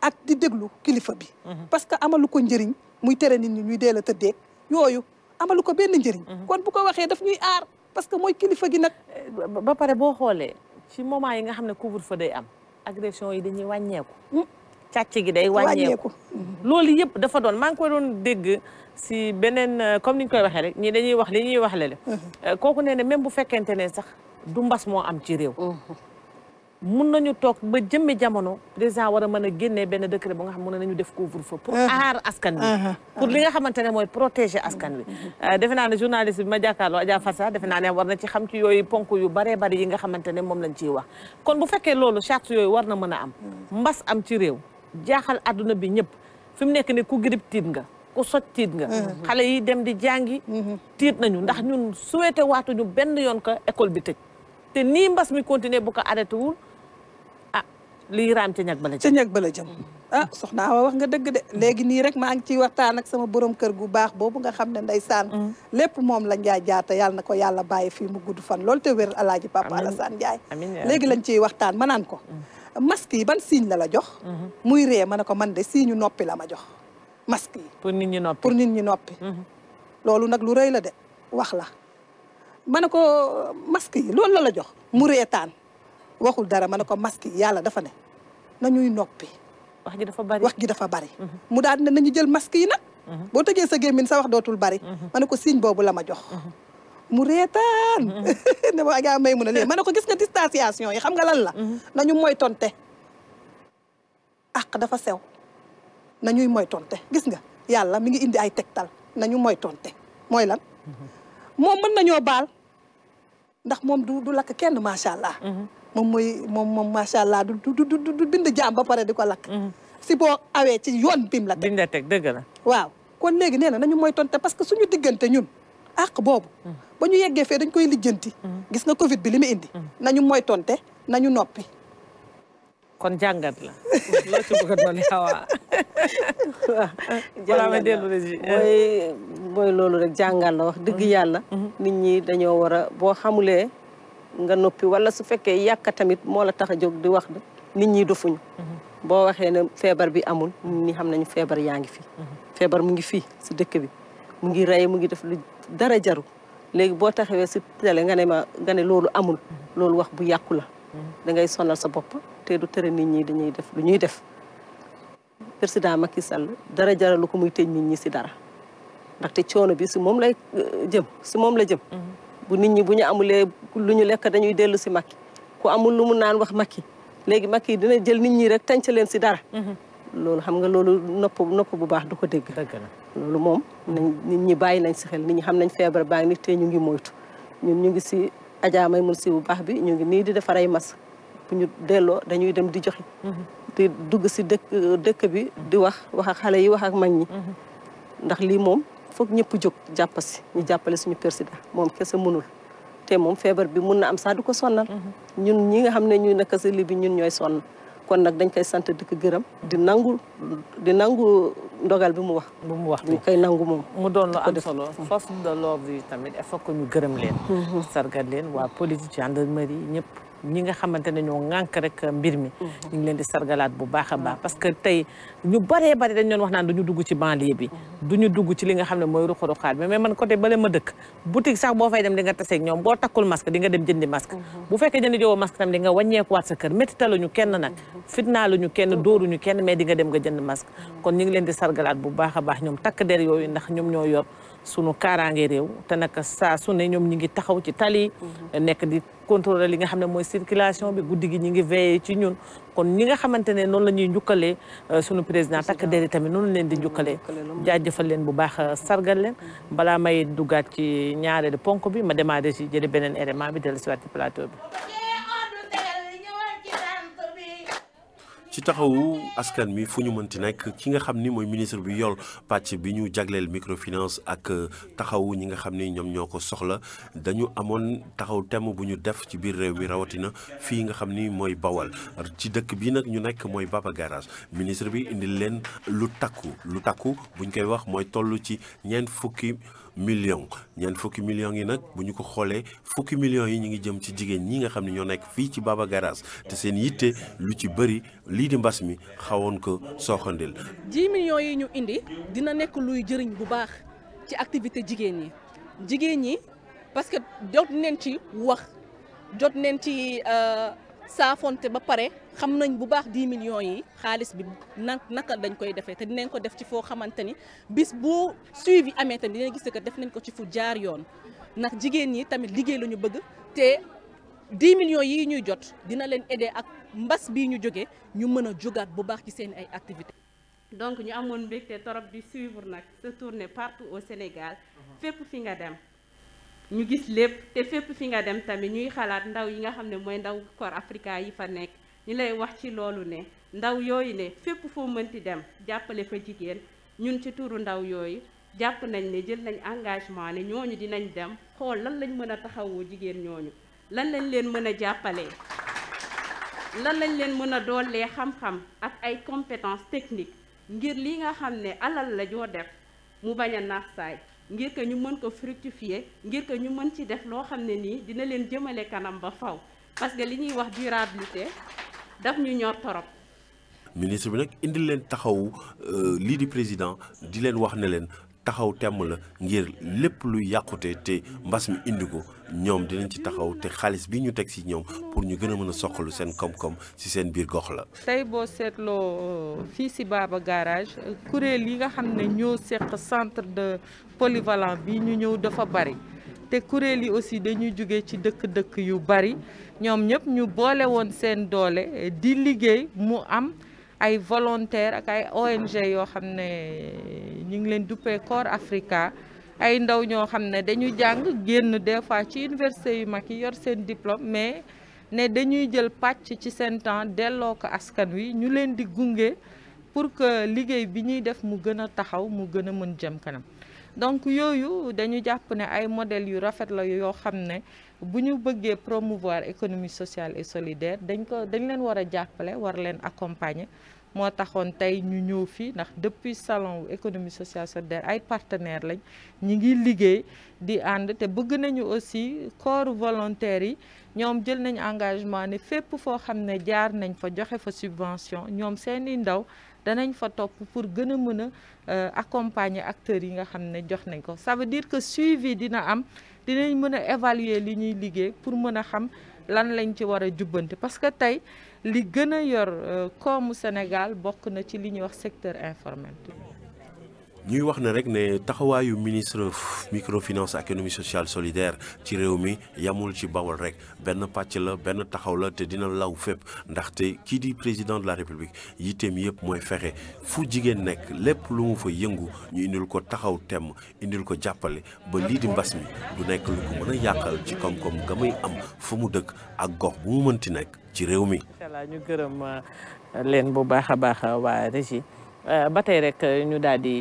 ak di déglu kilifa bi parce que amalu ko njëriñ muy tere nit ñi ñuy deel a tëddeeg yooyu amalu ko benn njëriñ. Mhm. kon bu ko waxee dafa ñuy aar parce que mooy kilifa gi nag. Eh, ba pare boo xoolee ci moment yi nga xam ne couvre-feu day am agression yi dañuy wàññeeku. Hmm? càcc gi day wàññeeku mhm. loolu yëpp dafa doon maa ngi ko doon dégg si beneen euh, comme ni ñu koy waxee rek ñii dañuy wax li ñuy wax le le mhm. euh, kooku nee ne même bu fekkente ne sax du mbas moo am ci réew mun nañu toog ba jëmmi jamono président war a mën a génne benn décret bu nga xam mën nañu def couvre-feu pour ah. aar askan wi ah, ah, pour li nga xamante ne mooy protéger askan wi mm-hmm. euh, defe naa ne journaliste bi ma jàkkaarloo Adja Fassa defe naa ne war na ci xam ci yooyu ponk yu baree bari yi nga xamante ne moom lañ ciy wax kon bu fekkee loolu charte yooyu war na mën a am mm. mbas am ci réew jaaxal adduna bi ñëpp fi mu nekk ni ku grippe tiit nga ku soj tiit nga mm-hmm. xale yi dem di jàngi mm-hmm. tiit nañu ndax ñun souhaité waatuñu benn yoon ko école bi tëj te nii mbas mi continuer bu ko arrêté wul lii raam ca ñag bala jëm ca ñag bala jëm. ah soxna wax nga dëgg de mm. léegi nii rek maa ngi ciy waxtaan ak sama borom kër gu baax boobu nga xam ne ndeysaan mm. lépp moom la Njaay jaata yàlla na ko yàlla bàyyi fii mu gudd fan loolu te wér alaaji Papa Alassane Ndiaye léegi lañ ciy waxtaan manaan ko mm. masque yi ban signe la la jox mm-hmm. muy ree ma ne ko man de signe noppi la ma jox masque yi pour nit ñi noppi pour nit ñi noppi mm-hmm. loolu nag lu rëy la de wax la ma ne ko masque yi loolu la la jox mu reetaan waxul dara ma ne ko masque yàlla dafa ne ñuy noppi. wax ji dafa bari wax ji dafa bari. Mhm. mu daal ne ñu jël masque yi nag. Mhm. boo tëjee sa gémmiñ sa wax dootul bari. Mhm. ma ne ko signe boobu la ma jox. mu reetaan. ne ma yaa may mun a lee ma ne ko gis nga distanciation yi xam nga lan la. na nañu moytonte. ak dafa sew. na nañuy moytonte gis nga yàlla mi ngi indi ay tegtal nañu moytonte mooy lan. moom mën nañoo baal ndax moom du du lakk kenn macha allah. moom mooy moom moom macha allah du du du du bind jaam ba pare di ko lakk. Mhm. si boo awee ci yoon bim la teg. biñ la teg dëgg la. waaw kon léegi nee na nañu mooy tonte parce que suñu diggante ñun àq boobu. Mhm. ba ñu yeggee fee dañ koy lijjanti. Mhm. gis nga Covid bi li mu indi. nañu mooy tonte nañu noppi. kon jàngat la loo ci bëgg a doon xawaa jàngat la euh. mooy mooy loolu rek jàngat la wax dëgg yàlla nit ñi dañoo war a boo xamulee nga noppi wala su fekkee yàkka tamit moo la tax a jóg di wax nit ñi dofuñu mhm. boo waxee ne feebar bi amul nit ñi xam nañu feebar yaa ngi fi. Mhm. feebar mu ngi fii si dëkk bi mu ngi rey mu ngi def lu dara jaru léegi boo taxawee si télé nga ne ma nga loolu amul mhm. loolu wax bu yàqu la da sonal sa bopp te du tere nit ñi dañuy def lu ñuy def président Macky Sall dara jaralu ko muy tëj nit ñi si dara ndaxte coono bi si moom la euh, jëm si moom la jëm bu nit ñi bu ñu amulee lu ñu lekk dañuy dellu si Macky ku amul lu mu naan wax Macky léegi Macky dina jël nit ñi rek tànc leen si dara. Mhm. loolu xam nga loolu nopp nopp bu baax du ko dégg. loolu moom nañ nit ñi bàyyi nañ si xel nit ñi xam nañ feebar baax ngi te ñu ngi moytu ñu ñu ngi si ajaamay mun si bu baax bi ñu ngi nii di defar ay masques bu ñu delloo dañuy dem di joxe. Mhm. di dugg si dëkk dëkk bi di wax wax ak xale yi wax ak mag ñi. Mhm. ndax lii moom fokk ñepp jóg jappasi ñu jàppale suñu président mom kessa mënul té mom fièvre bi mëna na am sa du ko sonnal mhm. ñun ñi nga xamné ne ñu nekk si ñun ñoy sonn kon nak dañ koy sante di ko di nangu di nangu ndogal bi mu wax bu mu wax ni kay nangu mom mu doon am solo mm. force de l'ordre tamit ñu leen mhm. sargal leen wa politique gendarmerie ñepp ñi nga xamante ne ñoo ŋànk rek mbir mi ñu ngi leen sargalaat bu baax a baax parce que tey ñu baree bari dañ doon naan du ñu dugg ci banlieue bi du ñu dugg ci li nga xam ne mooy ruqaruqaat bi mais man côté bale ma dëkk boutique sax boo fay nga dem jëndi masque bu fekkee jëndi jowoo masque tam di nga wàññeekuwaat sa kër méttitaluñu kenn nag fitnaaluñu kenn dóoruñu di nga dem nga jënd masque kon ñu ngi leen di sargalaat bu baax a baax ñoom takk der yooyu ndax ñoom ñoo yor sunu kaaraange réew te naka saa su ne ñoom ñi ngi taxaw ci tali. Mhm. nekk di contrôler li nga xam ne mooy circulation bi guddi gi ñi ngi veillé ci ñun kon ñi nga xamante ne noonu la ñuy njukkalee euh, sunu président takk der yi tamit noonu leen di njukkalee jaajëfal leen bu baax euh, sargal leen mhm. balaa may duggaat ci ñaareelu ponk bi ma démarré si jëli beneen élément bi dellu siwaat ci plateau bi ci taxawu askan mi fu ñu mënti nekk ki nga xam ni mooy ministre bi yor pàcc bi ñu jagleel microfinance ak euh, taxawu ñi nga xam ni ñoom ñoo ko soxla dañu amoon taxaw temm bu ñu def ci biir réew mi rawatina fii nga xam ni mooy Bawal ci dëkk bi nag ñu nekk mooy Baba Garage ministre bi indil leen lu takku lu takku buñ koy wax mooy toll ci ñeent fukki. million ñeent fukki millions yi nag bu ñu ko xoolee fukki millions yi ñu ngi jëm ci jigéen ñi nga xam ne ñoo nekk fii ci Baba Garage te seen yitte lu ci bëri lii di mbas mi xawoon ko sooxandil. 10 millions yi ñu indi dina nekk luy jëriñ bu baax ci activité jigéen ñi jigéen ñi parce que jot neen ci wax jot neen ci. Euh, saafonte ba pare xam nañ bu baax 10 millions yi xaalis bi nan naka dañ koy defee te dinañ ko def ci foo xamante ni bis bu suivi amee tamit dinañ gis que def nañ ko ci fu jaar yoon ndax jigéen ñi tamit liggéey la bëgg te 10 millions yi ñuy jot dina leen aider ak mbas bii ñu jógee ñu mën a jógaat bu baax ci seen ay activités. donc ñu amoon mbégte torop bi suivre nag sa tournée partout au Sénégal uh-huh. fépp fi nga dem. ñu gis lépp te fépp fi nga dem tamit ñuy xalaat ndaw yi nga xam ne mooy ndaw Corps Africa yi fa nekk ñu lay wax ci loolu ne ndaw yooyu ne fépp foo mënti dem jàppale fa jigéen ñun ci turu ndaw yooyu jàpp nañ ne jël nañ engagement ne ñooñu dinañ dem xool lan lañ mën a taxawoo jigéen ñooñu lan lañ leen mën a jàppale lan lañ leen mën a doolee xam-xam ak ay compétence technique ngir li nga xam ne alal la joo def mu bañ a nax saay ngir que ñu mën ko fructifier ngir que ñu mën ci def loo xam ne nii dina leen jëmale kanam ba faw parce que li ñuy wax te daf ñu ñor torop. ministre bi nag indil leen taxaw euh, lii di président di leen wax ne leen taxaw temm la ngir lépp lu yàqute te mbas mi indi ko ñoom dinañ ci taxaw te xaalis bi ñu teg ci ñoom pour ñu gën a mën a soqalu seen koom-koom si seen biir gox la. tey boo seetloo euh, fii si Baba Garage euh, kuréel yi nga xam ne ñoo seq centre de polyvalent bi ñu ñëw dafa bari te kuréel yi aussi dañuy jóge ci dëkk-dëkk yu bari ñoom ñëpp ñu boole woon seen doole euh, di liggéey mu am. ay volontaire ak ay ONG yoo xam ne ñu ngi leen duppee Corps Africa ay ndaw ñoo xam ne dañu jàng génn des fois ci université yu mag yi yor seen diplôme mais ne dañuy jël pàcc ci seen temps delloo ko askan wi ñu leen di gunge pour que liggéey bi ñuy def mu gën a taxaw mu gën a mën jëm kanam donc yooyu dañu jàpp ne ay modèles yu rafet la yoo xam ne bu ñu bëggee promouvoir économie sociale et solidaire dañ ko dañ leen war a jàppale war leen accompagner moo taxoon tey ñu ñëw fii ndax depuis salon wu économie sociale solidaire ay partenaires lañ ñi ngi liggéey di ànd te bëgg nañu aussi corps volontaires yi ñoom jël nañ engagement ne fépp foo xam ne jaar nañ fa joxe fa subvention ñoom seeni ndaw danañ fa topp pour gën a mën a euh, accompagner acteurs yi nga xam ne jox nañ ko ça veut que suivi dina am dinañ mën a évaluer li ñuy liggéey pour mën a xam lan lañ ci war a jubbanti parce que tey li gën a yor euh, koomu Sénégal bokk na ci li ñuy wax secteur informel. ñuy wax ne rek ne taxawaayu ministre microfinance économie sociale solidaire ci réew mi yamul ci bawal rek benn pàcc la benn taxaw la te dina law fépp ndaxte kii di président de la république yitteem yëpp mooy fexe fu jigéen nekk lépp lu mu fa yëngu ñu indil ko taxaw temm indil ko jàppale ba lii di mbas mi du nekk lu ko mën yàqal ci koom-koom ga muy am fa mu dëkk ak gox bu mu mënti nekk. ci réew mi. incha ñu gërëm uh, leen bu baax a baax uh, waa régie uh, ba tey rek ñu daal di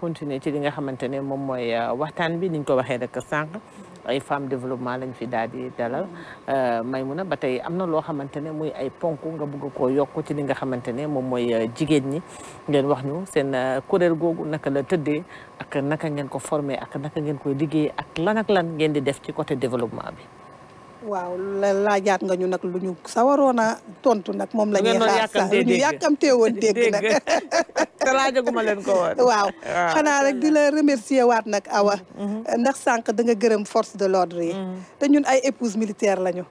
continuer ci li nga xamante ne moom mooy waxtaan bi niñ ko waxee rek sànq ay femme développement lañ fi daal di dalal Maymuna ba tey am na loo xamante ne muy ay ponk nga bugg koo yokk ci li nga xamante ne moom mooy jigéen ñi ngeen wax ñu seen kuréel googu naka la tëddee ak naka ngeen ko forme ak naka ngeen koy liggéey ak lan ak lan ngeen di def ci côté développement bi. waaw la jaat nga ñu nag lu ñu sawaroon a tontu nag moom la ñuy xaar sax lu ñu yàkkamtee woon dégg nag te laajaguma leen ko woon waaw xanaa rek di la remercier waat nag awa mm-hmm. Mm-hmm. ndax sànq da nga gërëm force de l'ordre yi mm-hmm. te ñun ay épouse militaire lañu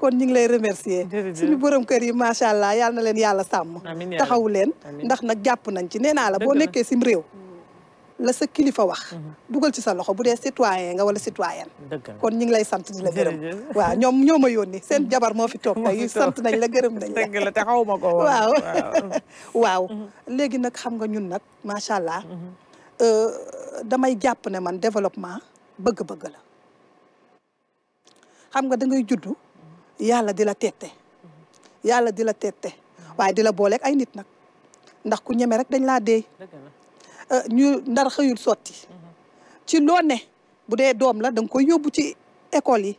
kon ñu ngi lay remercier ñu borom kër yi macha allah yal na leen yàlla sàmm taxawu leen ndax nag jàpp nañ ci nee naa la boo nekkee sim réew la sa kilifa wax mhm. dugal ci sa loxo bu dee citoyen nga wala citoyenne kon ñu ngi lay sant di la gërëm waaw ñoom ñoo ma yónni seen mhm. jabar moo fi toog tey sant nañ la gërëm nañ la dëgg ma ko waaw mhm. léegi nag xam nga ñun nag macha allah euh, damay jàpp ne man développement bëgg-bëgg la xam nga da juddu yàlla di la teete yàlla di la tette waaye di la booleeg ay nit nag ndax ku ñeme rek dañ laa dee ñu ndar xëyul sotti ci loo ne bu dee doom la da nga koy yóbbu ci école yi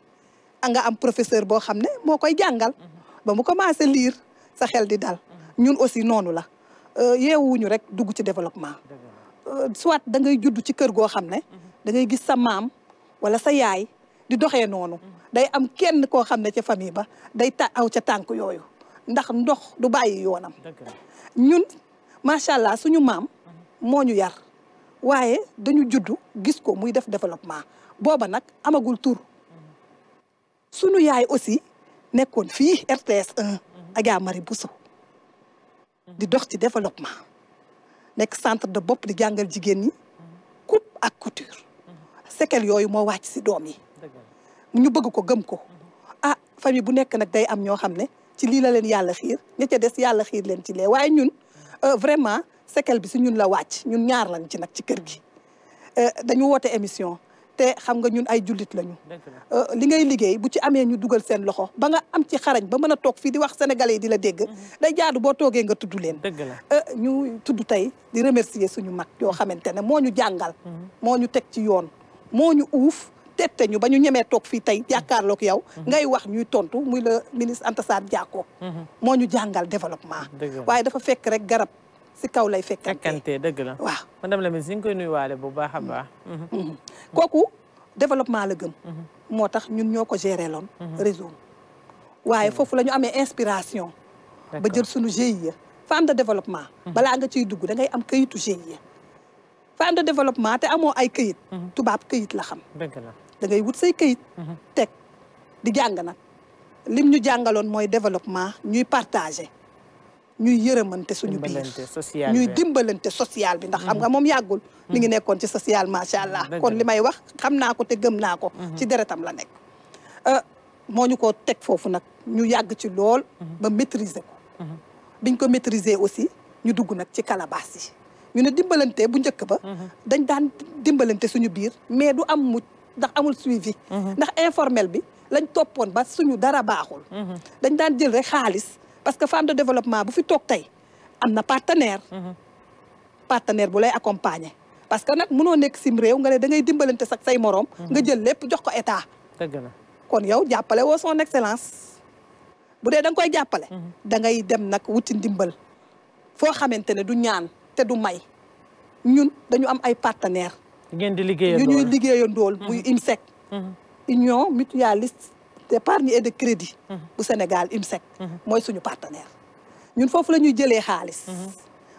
nga am professeur boo xam ne moo koy jàngal ba mu commencé liir sa xel di dal ñun aussi noonu la euh, yeewuñu rek dugg ci développement euh, soit da ngay judd ci kër goo xam ne da ngay gis sa maam wala sa yaay di doxee noonu day am kenn koo xam ne ca famille ba day ta aw ca tànk yooyu ndax ndox du bàyyi yoonam ñun macha allah suñu maam moo ñu yar waaye dañu juddu gis ko muy def développement booba nag amagul tur sunu yaay aussi nekkoon fii RTS 1 Adja Marie Bousso di dox ci développement nekk centre de bopp di jàngal jigéen ñi coupe ak couture séquelles yooyu moo wàcc si doom yi ñu bëgg ko gëm ko ah famille bu nekk nag day am ñoo xam ne ci lii la leen yàlla xiir ña ca des yàlla xiir leen ci lee waaye ñun euh, vraiment séquelle bi si ñun la wàcc ñun ñaar lañ ci nag ci kër gi eh, dañu woote émission te xam nga ñun ay jullit lañu eh, li ngay liggéey bu ci amee ñu dugal seen loxo ba nga am ci xarañ ba mën a toog fii di wax sénégale yi di la dégg mm-hmm. day jaadu boo toogee nga tudd leen eh, ñu tudd tey di remercier suñu mag yoo xamante ne moo ñu jàngal mm-hmm. moo ñu teg ci yoon moo ñu uuf tette ñu ba ñu ñemee toog fii tey jàkkaarloog yow mm-hmm. ngay wax ñuy tontu muy le ministre Anta Sarr Diacko moo ñu jàngal développement waaye dafa fekk rek garab si kaw lay fekk fekkante dëgg la waaw. madame la ministre ñu ngi koy nuyuwaale bu baax a mm-hmm. Mm-hmm. Mm-hmm. kooku développement la gëm. moo tax ñun ñoo ko géré loon. réseau waaye foofu la ñu amee inspiration. ba jël sunu GIE. femme de développement. balaa nga ciy dugg da ngay am këyitu GIE. femme développement te amoo ay kayit tubaab kayit la xam. dëgg la da ngay wut say këyit. teg di jàng nag lim ñu jàngaloon mooy développement ñuy partagé. ñuy yërëmante suñu biir ñuy dimbalante sociale bi ndax xam nga mm. moom yàggul li ngi mm. nekkoon ci sociale macha mm, allah kon li may wax xam naa ko te gëm naa ko mm-hmm. ci deretam la nekk euh, moo ñu ko teg foofu nag ñu yàgg ci lool mm-hmm. ba maîtriser ko mm-hmm. biñ ko maîtriser aussi ñu dugg nag ci calebasse yi ñu ne dimbalante bu njëkk ba dañ daan dimbalante suñu biir mais du am mucc ndax amul suivi ndax informel bi lañ toppoon ba suñu dara baaxul dañ daan jël rek xaalis parce que femme de bu fi toog tey am na partenaire. Mhm. partenaire bu lay accompagner. parce que nag munoo nekk sim réew nga ne da dimbalante sax say moroom. Mhm. nga jël lépp jox ko état. dëgg la kon yow jàppale woo son excellence. bu dee da koy jàppale. Mhm. da ngay dem nag wuti ndimbal. foo xamante ne du ñaan te du may ñun dañu am ay partenaires. ngeen di liggéeyandoo yu ñuy liggéeyandool. muy IMSEC. union mutualiste d'épargne et de crédit. Mhm. bu Sénégal IMSEC. Mhm. mooy suñu partenaire. ñun foofu la ñuy jëlee xaalis. Mhm.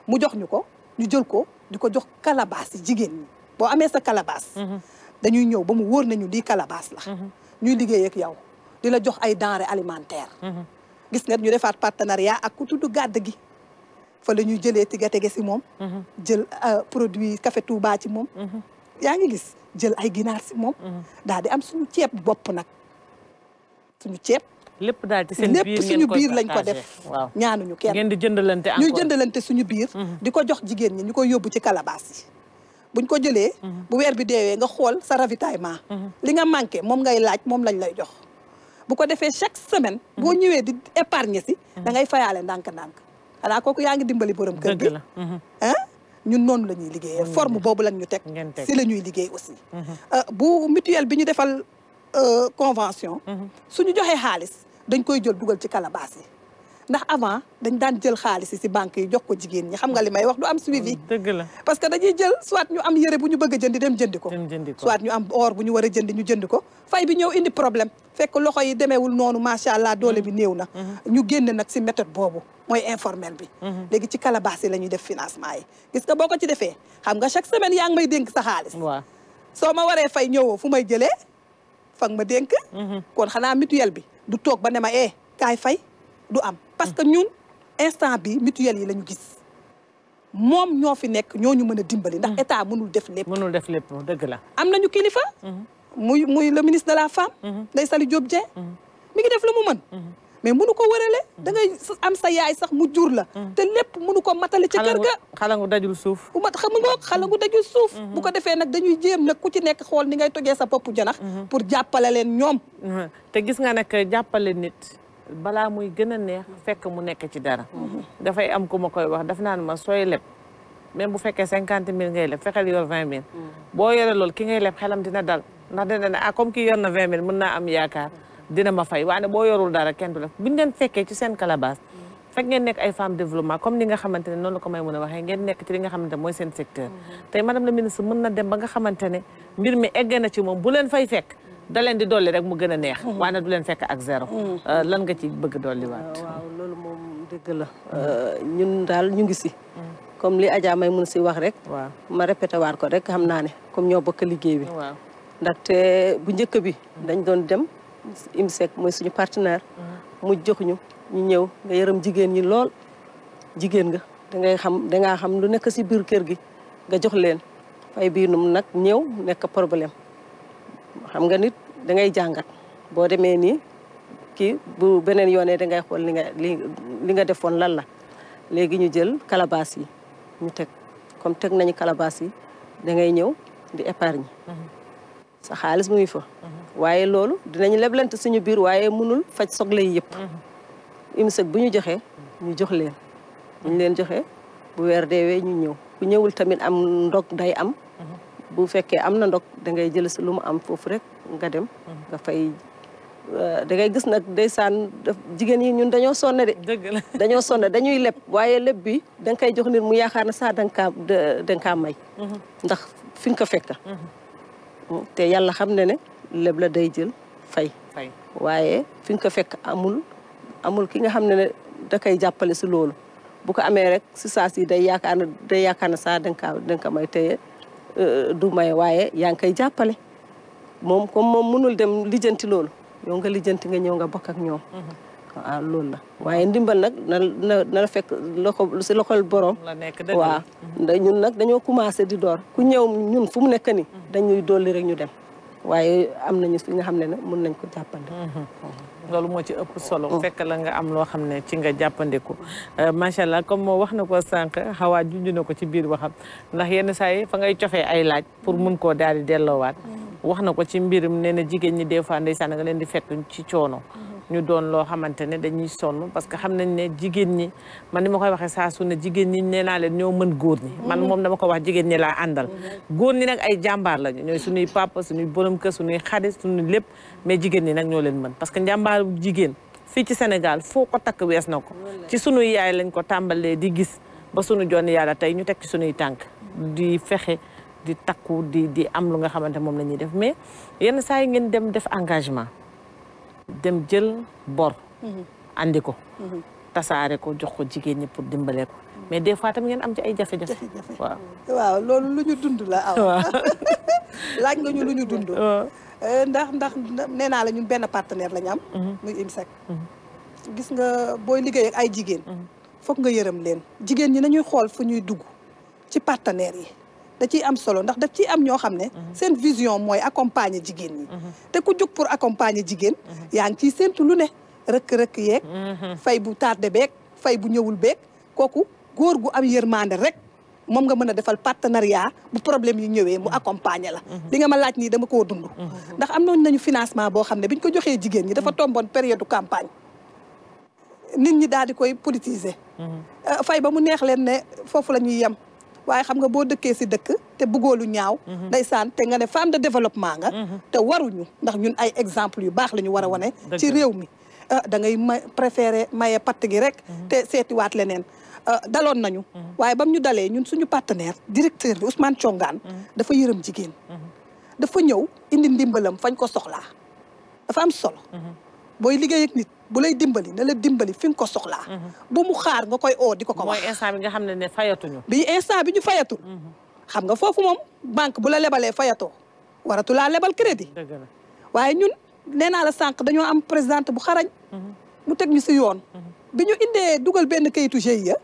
mu jox ñu ko ñu jël ko di ko jox calebasse yi jigéen ñi boo amee sa calebasse. dañuy ñëw ba mu wóor nañu di calebasse la. ñuy liggéey ak yow di la jox ay denrées alimentaires. gis nga ñu defaat partenariat ak ku tudd gàdd gi. fa la ñuy jëlee tigatege si moom. jël euh, produit café Touba ci moom. yaa ngi gis jël ay ginaar si moom. daal di am suñu ceeb bopp nag. suñu ceeb lépp daal ci seen biir suñu biir lañ ko def waaw ñaanuñu kenn ngeen di jëndalante encore suñu biir mhm. di jox jigéen ñi ñu koy ci kalabaas buñ ko jëlé mhm. bu wër bi déwé nga xol sa ravitaillement mhm. li nga manké mom ngay laaj mom lañ lay jox bu ko défé chaque semaine bo ñëwé di épargner si da ngay fayalé ndànk-ndànk ala koku yaa ngi dimbali borom kër bi hein ah? ñun non lañuy liggéey forme bobu lañ ñu tek ci lañuy liggéey aussi ah, bu mutuel bi ñu défal Euh, convention. Mhm. su ñu joxee xaalis dañ koy jël dugal ci calebasse yi ndax avant dañ daan jël xaalis yi si banque yi jox ko jigéen ñi xam nga li may wax du am suivi. Mm, dëgg la parce que dañuy jël soit ñu am yëre bu ñu bëgg a jëndi dem jëndi ko. soit ñu am or bu ñu war a jëndi ñu jënd ko fay bi ñëw indi problème fekk loxo yi demeewul noonu macha allah doole bi mm. néew na. Mm-hmm. ñu génn nag si méthode boobu mooy informel bi. Mm-hmm. léegi ci calebasse yi la ñuy def financement yi gis nga boo ko ci defee xam nga chaque semaine yaa ngi may dénk sa xaalis. ma waree fay ñëwoo fu may fag ma dénk. Mhm. kon xanaa mutuelle bi du toog ba ne ma eh kaay fay du am. parce que ñun instant bi mutuelle yi la ñu gis moom ñoo fi nekk ñoo ñu mën a dimbali. ndax mhm. état mënul def lépp. mënul def lépp dëgg la. am nañu kilifa. Mhm. muy muy le ministre de la femme. Ndeye Saly Diop Dieng. mi ngi def lu mu mën. mais mënu ko wërale da ngay am sa yaay sax mu jur la mm. te lépp mënu ko matale ci kër ga xalangu dajul suuf bu mat xam nga xalangu dajul suuf mm-hmm. bu ko defee nag dañuy jéem nag ku ci nekk xool ni ngay tojee sa bopp janax mm-hmm. pour jàppale leen ñoom mm-hmm. te gis nga nag jàppale nit balaa muy gën a neex fekk mu nekk ci dara dafay am ku ma koy wax daf naan ma sooy leb même bu fekkee cinquante mille ngay leb fexeel yor vingt mille mm. boo yore loolu ki ngay leb xelam dina dal ndax dina ne ah comme ki yor na vingt mille mën naa am yaakaar dina ma fay waane boo yorul dara kenn du la leen fekkee ci seen calebasse fekk ngeen nekk ay femmes développement comme ni nga xamante ne noonu la ko may mën a waxee ngeen nekk ci li nga xamante ne mooy seen secteur mm-hmm. tey madame la ministre mën na dem ba nga xamante ne mbir mi egg na ci moom bu leen fay fekk da leen di dolli rek mu gën a neex mm-hmm. waane du leen fekk ak zéro mm-hmm. euh, lan nga ci bëgg dolli waat ah, waaw loolu moom dëgg la euh, ñun daal ñu ngi si comme li ajaa may mun si wax rek waaw ma répété waat ko rek xam naa ne comme ñoo bokk liggéey bi ndaxte bu njëkk bi dañ doon dem imsek moy suñu partenaire. mu jox ñu ñu ñew nga yeeram jigen ñi lool jigen nga da ngay xam da nga xam lu nekk si biir kër gi nga jox leen fay biir num nak ñew nekk problème xam nga nit da ngay jangat bo démé ni ki bu benen yone da ngay xol li nga li nga defoon lan la légui ñu jël calebasse yi ñu tek comme tek nañu yi da ngay ñew di épargne mhm. sa xaaliss mu ngi fa waaye loolu dinañ leblante suñu biir waaye munul faj soxla yi yëpp. Mhm. UNICEF bu ñu joxee ñu jox leen. bu ñu leen joxee bu weer deewee ñu ñëw ku ñëwul tamit am ndog day am. Mhm. bu fekkee am na ndog dangay ngay jël si lu mu am foofu rek nga dem. Mhm. nga fay euh, da ngay gis nag ndeysaan jigéen yi ñun dañoo sonn de. dëgg la dañoo sonne dañuy leb waaye leb bi da koy jox nit mu yaakaar na saa da nga kaa da may. ndax fi nga te yàlla xam ne ne. leb day jël fay. fay waaye fi nga ko fekk amul amul ki nga xam ne ne dakay jàppale si loolu bu ko amee rek si saa si day yaakaar na day yaakaar ne saa da nga da nga ko may teye euh, du may waaye yaa ngi koy jàppale moom comme moom mënul dem lijjanti loolu yow nga lijjanti nga ñëw nga bokk ak ñoom. Mhm. waaw na waaye ndimbal nag na na na fekk loko si lokal borom. la nekk dëgg waaw mhm. ñun nag dañoo commencé di door ku ñëw ñun fu mu nekk nii. Mhm. dañuy dolli rek ñu dem. waaye am nañu fi nga xam ne nag mën nañ ko jàppandi. Mm-hmm. loolu moo ci ëpp solo. Mm. fekk la nga am loo xam ne ci nga jàppandiku. Euh, macha allah comme moo wax na ko sànq xawaa junj na ko ci biir waxam ndax yenn saa yi fa ngay cofee ay laaj pour mun koo daal di delloowaat. Mm. wax na ko ci mbirum nee na jigéen ñi des fois ndeysaan nga leen di fekk ci coono. Mm-hmm. ñu doon loo xamante ne dañuy sonn parce que xam nañ ne jigéen ñi man ni ma koy waxee saa su jigéen ñi nee naa leen ñoo mën góor ñi man mm-hmm. moom dama ko wax jigéen ñi laa àndal mm-hmm. góor ñi nag ay jàmbaar lañu ñoo suñuy papa suñuy borom kër suñuy xarit suñuy lépp mais jigéen ñi nag ñoo leen mën parce que njàmbaaru jigéen fii ci Sénégal foo ko takk wees na ko ci suñuy yaay lañ ko tàmbalee di gis ba suñu joon yàlla tey ñu teg ci suñuy tànk di fexe di takku di di am lu nga xamante moom la ñuy def mais yenn saa yi ngeen dem def engagement dem jël bor. Mhm. andi ko. Mhm. tasaare ko jox ko jigéen ñi pour dimbalee ko mhm. mais des fois tam ngeen am ci ay jafe-jafe. waaw waaw loolu lu ñu dund la aw. laaj nga ñu lu ñu dund. Eh, ndax ndax nee naa la ñun benn partenaire la ñu am. muy IMSEC. gis nga booy liggéey ay jigéen. foog nga yërëm leen jigéen ñi nañuy xool fu ñuy dugg ci partenaires yi. da ciy am solo ndax daf ciy am ñoo xam ne mhm. seen vision mooy accompagner jigéen mhm. te ku jug pour accompagner jigéen mhm. yaa ngi ciy séentu lu ne rëkk-rëkk yeeg fay bu tardé beeg fay bu ñëwul beeg kooku góor gu am yërmande rek moom nga mën a defal partenariat bu problème yi ñëwee mu accompagner la li nga ma laaj nii dama koo dund ndax am noon nañu financement boo xam ne bi ñu ko joxee jigéen ñi dafa tomboon période campagne nit ñi daal di koy politiser euh, fay ba mu neex leen ne foofu la ñuy yem waaye xam nga boo dëkkee si dëkk te bëggoo lu ñaaw mhm. ndeysaan te nga ne femme de développement nga mhm. te waruñu ndax ñun ay exemple yu baax lañu ñu war a wane ci réew mi ah, dangay ngay ma préféré maye patt gi rek mhm. te seetiwaat leneen ah, daloon nañu waaye bam ñu dalee ñun suñu partenaire directeur bi Ousmane Thiongaan dafa yërëm jigéen dafa ñëw indi ndimbalam fañ ko soxlaa dafa am solo booy liggéey ak nit bu lay dimbali na la dimbali fi nga ko soxlaa. Mhm. bu mu xaar nga koy oo di ko ko wax. mooy bi nga xam ne ne fayatuñu. bi instant bi ñu fayatul. Mhm. xam nga foofu moom banque bu la lebalee fayatoo waratu laa lebal crédit. dëgg waaye ñun nee naa la sànq dañoo am présidente bu xarañ. Mhm. mu teg ñu si yoon. bi ñu indee dugal benn kayitu GIE.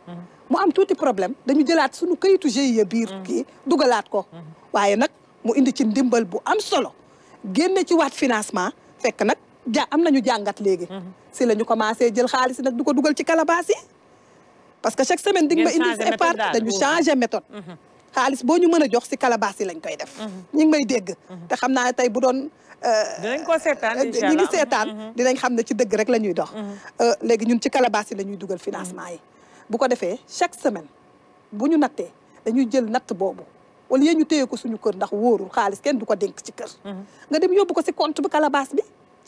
mu am tuuti problème dañu jëlaat suñu kayitu GIE biir kii dugalaat ko. waaye nag mu indi ci ndimbal bu am solo génne ci waat financement fekk nag. ja am nañu jàngat léegi. Mm-hmm. si la ñu commencé jël xaalis nag du ko dugal ci calebasse yi. parce que chaque semaine di nga ma indi sa épargne dañu oh. changé méthode. Mm-hmm. xaalis boo ñu mën a jox si calebasse yi lañ koy def. Mm-hmm. ñu ngi may dégg. te xam naa tey bu doon. Euh, dinañ ko seetaan euh, ñi ngi seetaan dinañ xam ne ci dëgg rek la ñuy dox. Euh, léegi ñun ci calebasse la ñuy dugal financement yi. bu ko defee chaque semaine bu ñu nattee dañuy jël natt boobu. au lieu ñu téye ko suñu kër ndax wóorul xaalis kenn du ko denk ci kër. nga dem yóbbu ko si compte bu calebasse bi.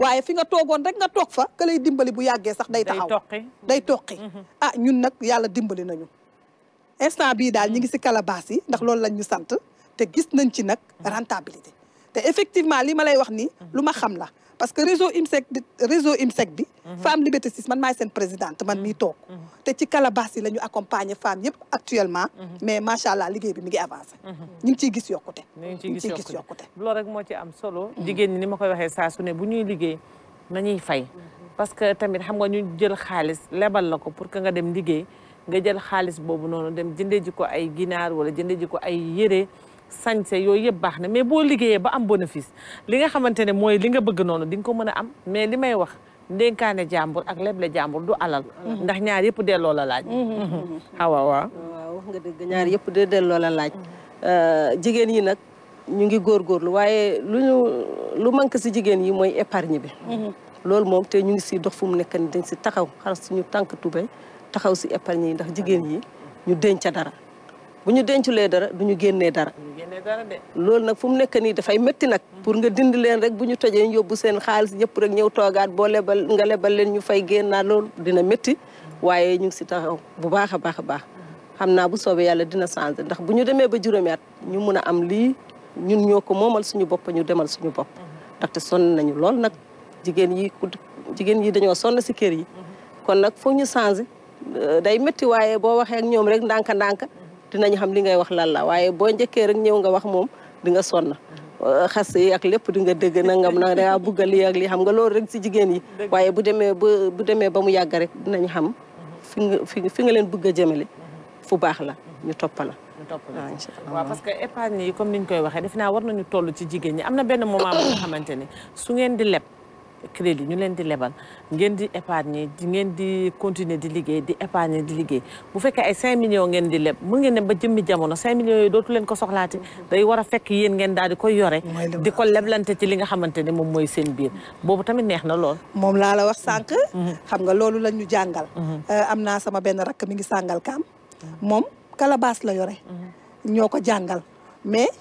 waaye fi nga toogoon rek nga toog fa ka lay dimbali bu yàggee sax day taxaw day toqi mm-hmm. Mm-hmm. ah ñun nag yàlla dimbali nañu instant bii daal ñi ngi si mm-hmm. calebasse yi ndax loolu lañ ñu sant te gis nañ ci nag rentabilité te effectivement li ma lay wax ni lu ma xam la parce que réseau IMSEC réseau IMSEC bi. Mhm. femme liberté 6 man maay seen présidente man mii mhm. toog. Mhm. te ci calabas yi la ñu accompagner femmes yëpp actuellement. mais macha allah liggéey bi mi ngi avancé. ñu ngi ciy gis yokkute. ñu ngi rek moo ci am solo. jigéen ñi ni ma koy waxee saa su ne bu ñuy liggéey nañuy fay. parce que tamit xam nga ñu jël xaalis lebal la ko pour que nga dem liggéey nga jël xaalis boobu noonu dem jëndee ji ko ay ginaar wala jënde ji ko ay yére. sañse yooyu yëpp baax na mais boo liggéeyee ba am bénéfice li nga xamante ne mooy li nga bëgg noonu di nga ko mën a am mais li may wax ndénkaane jàmbur ak leble jàmbur du alal mhm. ndax ñaar yëpp delloo la laaj mhm. mhm. awa waaw wax nga dëgg ñaar yëpp de delloo la laaj euh, jigéen yi nag ñu ngi góorgóorlu waaye lu waaye lu manque si jigéen yi mooy épargne bi loolu moom te ñu ngi si dox fu mu nekk ni dañ si taxaw xar suñu tànk tubéy taxaw si épargne yi ndax jigéen yi ñu denca dara bu ñu denculee dara duñu ñu génnee dara. loolu nag fu mu nekk nii dafay métti nag. pour nga dindi leen rek bu ñu tojee yóbbu seen xaalis ñëpp rek ñëw toogaat boo lebal nga lebal leen ñu fay génnaat loolu dina métti waaye ñu ngi si taxaw bu baax a baax a baax. xam naa bu soobee yàlla dina changé ndax bu ñu demee ba juróomi ñu mun a am lii ñun ñoo ko moomal suñu bopp ñu demal suñu bopp. ndaxte sonn nañu lool nag jigéen yi ku jigéen yi dañoo sonn si kër yi. Mhm. kon nag foog ñu changé day métti waaye boo waxee ak ñoom rek ndànk-ndànk dinañ xam li ngay wax lan la waaye boo njëkkee rek ñëw nga wax moom di nga sonn euh, xas yi ak lépp di nga dëgg nangam nag dangaa bugg lii ak lii xam nga loolu rek si jigéen yi waaye bu demee ba bu demee ba mu yàgg rek dinañ xam fi nga fi nga leen bëgg a jëmale fu baax la ñu topp la waaw parce que épargne yi comme ni niñ koy waxee defe naa war na ñu toll ci jigéen ñi am na benn moment bu nga xamante ni su ngeen di leb crédit ñu leen di lebal ngeen di épargner di ngeen di continuer di liggéey di épargner di liggéey bu fekkee ay 5 millions ngeen di leb mu ngeen dem ba jëmmi jamono 5 millions yooyu dootu leen ko soxlaati day war a fekk yéen ngeen daal di ko yore di ko leblante ci li nga xamante ne moom mooy seen biir boobu tamit neex na lool moom laa la wax sànq mhm. xam nga loolu la ñu jàngal mhm. euh, am naa sama benn rakk mi ngi sàngal kaam moom kalabaas la yore mhm. ñoo ko jàngal mais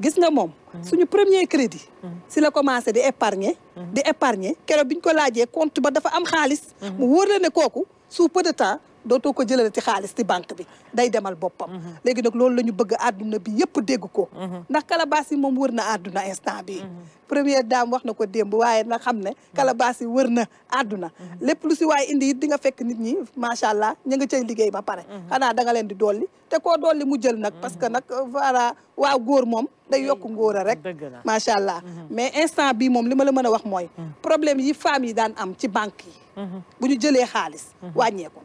gis nga moom. Mm-hmm. suñu premier crédit. Mm-hmm. si la commencé di épargner. Mm-hmm. di épargner keroog bi ñu ko laajee compte ba dafa am xaalis. mu wóor la ne kooku sous peu de temps. dootoo ko jëlale ci xaalis ti banque bi day demal boppam mhm. léegi nag loolu la ñu bëgg àdduna bi yëpp dégg ko mhm. ndax kalabaas yi moom wër na àdduna instant bi mhm. première dame wax na ko démb waaye nag xam ne kalabaas yi wër na àdduna lépp lu si waaye indi it di nga fekk nit ñi macha allah ñu nga cay liggéey ba pare xanaa danga leen di dool dolli te koo dolli mu jël nag parce que nag euh, voilà waaw góor moom day yokk ngóor a rek macha allah mais instant bi moom li ma la mën a wax mooy problème yi femmes yi daan am ci banque yi bu ñu jëlee xaalis wàññeeku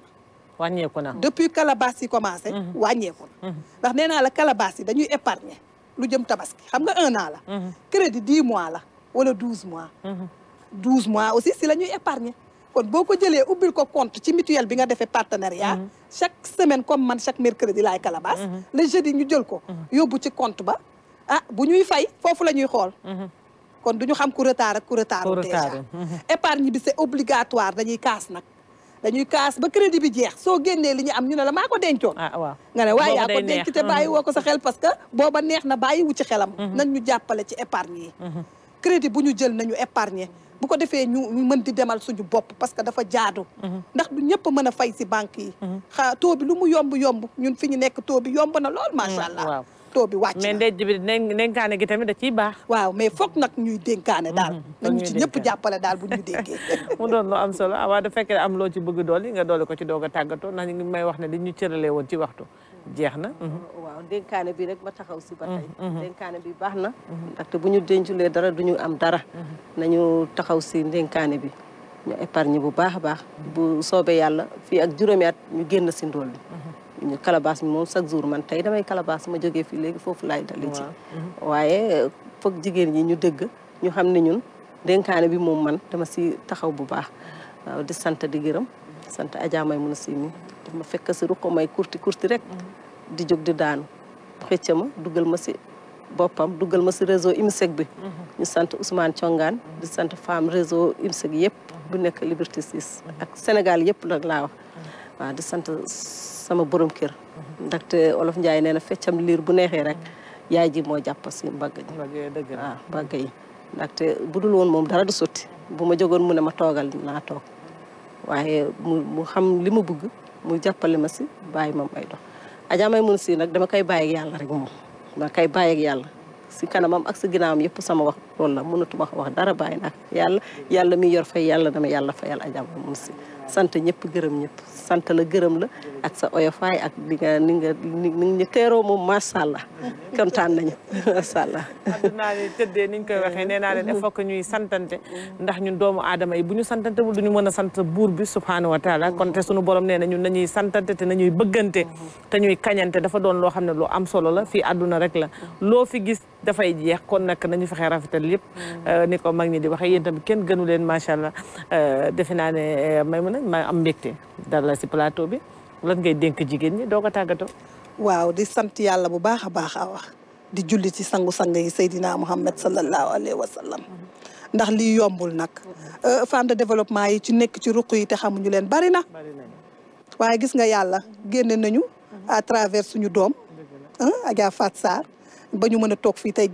wàññeeku na depuis calebasse yi commencé. Mhm. wàññeeku na mhm. ndax nee naa la calebasse yi dañuy épargner lu jëm tabaski xam nga un an la. Mhm. crédit dix mois la wala douze mois. douze mois aussi si la ñuy épargner kon boo ko jëlee ubbil ko compte ci mutuel bi nga defee partenariat. chaque semaine comme man chaque mercredi laay calebasse. le jeudi ñu jël ko. yóbbu ci compte ba ah bu ñuy fay foofu la ñuy xool. kon du ñu xam ku retard ak ku retard. déjà épargne bi c'est obligatoire dañuy dañuy kaas ba crédit bi jeex soo génnee li ñu am ñu ne la maa ko dencoon ah, nga ne waaye yaa ko denc te mm-hmm. bàyyi woo ko sa xel parce que booba neex na bàyyi ci xelam mm-hmm. nañ ñu jàppale ci épargne yi mm-hmm. crédit bu ñu jël nañu épargner bu ko defee ñu mën di demal suñu bopp parce que dafa jaadu ndax du ñëpp mën a fay si banque yi xaa taux bi lu mu yomb yomb ñun fi ñu nekk taux bi yomb na lool macha allah taux bi wàcc na mais ndey jibi dénkaane gi tamit da ci baax waaw mais foog nag ñuy dénkaane daal mm-hmm. nañu ci ñëpp jàppale daal bu ñu dénkee mu doon lu am solo awaa da fekkee am loo ci bëgg dool yi nga doole ko ci doog a tàggatoo ndax ñu ngi may wax ne li ñu cëralee woon ci waxtu jeex na mm-hmm. oh, waaw dénkaane bi rek ba taxaw si ba tey mm-hmm. dénkaane bi baax na ndaxte bu ñu denculee dara du ñu am dara nañu taxaw si dénkaane bi ñu épargne bu baax a baax bu soobee yàlla fii ak juróomi at ñu génn si ndóol bi calebasse bi moom chaque jour man tey damay calebasse ma jógee fii léegi foofu laay dali ci waaye euh, foog jigéen ñi ñu dëgg ñu xam ne ñun dénkaane bi moom man dama si taxaw bu baax waaw di sant di gërëm sant Adja may mun a si mi dama fekk si ru ko may kurti kurti rek di jog di daanu xëcc ma dugal ma si boppam dugal ma si réseau IMSEC bi mhm. ñu sant Ousmane Thiongaan di sant femme réseau IMSEC yëpp bu nekk Liberté 6 ak Sénégal yëpp nag laa wax mhm. waaw di sant sama borom kër. ndaxte olof Ndiaye nee na feccam liir bu neexee rek yaay ji moo jàpp si mbagg yi. waaw mbagg yi ndaxte bu dul woon moom dara di sotti bu ma jogoon mu ne ma toogal naa toog waaye mu xam li ma bugg mu jàppale ma si bàyyi ma may dox. Adja may si nag dama koy bàyyi ak yàlla rek moom dama koy bàyyi yàlla. si kanamam ak si ginnaawam yëpp sama wax loolu la mënatuma wax dara bàyyi naa yàlla yàlla mi yor fay yàlla dama yàlla fayal Adja may si. sant ñëpp gërëm ñëpp sant la gërëm la ak sa oyofaay ak di nga ni nga ni nga teeroo moom macha allah kontaan nañu macha allah. naa leen tëddee ni ñu koy waxee nee naa leen il faut que ñuy santante ndax ñun doomu aadama yi bu ñu santante wul du ñu mën a sant buur bi subhaanahu wa kon te sunu borom nee na santante te nañuy bëggante te ñuy kañante dafa doon loo xam ne lu am solo la fii àdduna rek la loo fi gis dafay jeex kon nag nañu fexe rafetal yëpp mm. euh, ni ko mag ñi di waxee yéen tamit kenn ma am mbégte dara la si plateau bi lan ngay dénk jigéen ñi doo ko tàggatoo. di sant yàlla bu baax wax di julli ci sangu-sang yi Seydina Muhammad sallallahu alaihi wasallam. sallam ndax lii yombul nag. Mm-hmm. Euh, femme de développement yi ci nekk ci ruq yi te xamuñu leen bari na. waaye gis nga yàlla génne nañu. Mm-hmm. à travers suñu doom. Adja Fatou Sarr ba ñu mën a toog fii tey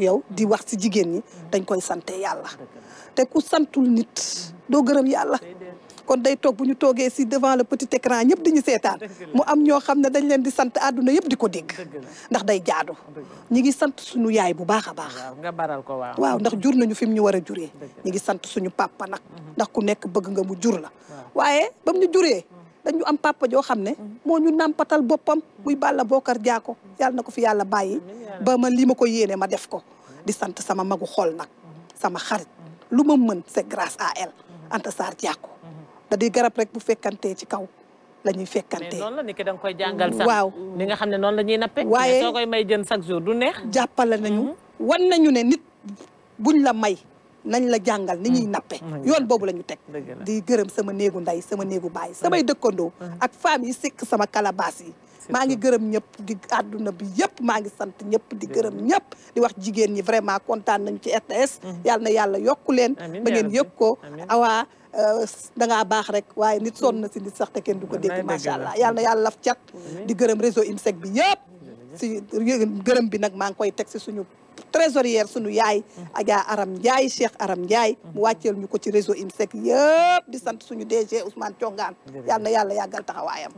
yow di wax ci jigéen ñi mm-hmm. dañ koy sante yàlla te ku santul nit kon day toog bu ñu toogee si devant le petit écran ñëpp di ñu seetaan mu am ñoo xam ne dañ leen di sant àdduna yëpp di ko dégg ndax day jaadu ñi ngi sant suñu yaay bu baax a baax nga ko waaw ndax jur nañu fi mu ñu war a juree ñi ngi sant suñu papa nag mm-hmm. ndax ku nekk bëgg nga mu jur la waaye bam ñu juree mm-hmm. dañu am papa joo xam ne mm-hmm. moo ñu nàmpatal boppam muy Balla Bokar Jaako yàlla na ko fi yàlla bàyyi ba man li ma ko yéene ma def ko di sant sama magu xool nag sama xarit lu ma mën c'est grâce à elle Anta Sarr te di garab rek bu fekkante ci kaw la ñuy fekkante mais la ni ki koy jàngal waaw ni xam ne noonu la ñuy nappe waaye soo koy may jën chaque jour du neex jàppale nañu mhm. wan nañu ne nit buñ la may nañ la jàngal ni ñuy mhm. nappe yoon boobu la ñu teg di gërëm sama néegu ndey sama néegu baay samay dëkkandoo mhm. ak femmes yi sikk sama kalabaas yi maa ngi gërëm ñëpp di àdduna bi yëpp maa ngi sant ñëpp di gërëm ñëpp di wax jigéen ñi vraiment kontaan nañu ci RTS yàlla na yàlla yokk leen ba ngeen yëg ko awaa Euh, da ngaa baax rek waaye nit sonn na si nit sax te kenn du ko dégg macha allah yal na yàlla laf cat di gërëm réseau IMSEC bi yëpp si gërëm bi nag maa ngi koy teg si suñu trésorière sunu yaay Adja Aram Ndiaye Cheikh Aram Ndiaye mu wàcceel ñu ko ci réseau IMSEC yëpp di sant suñu DG Ousmane Thiongaan yal na yàlla yàggal taxawaayam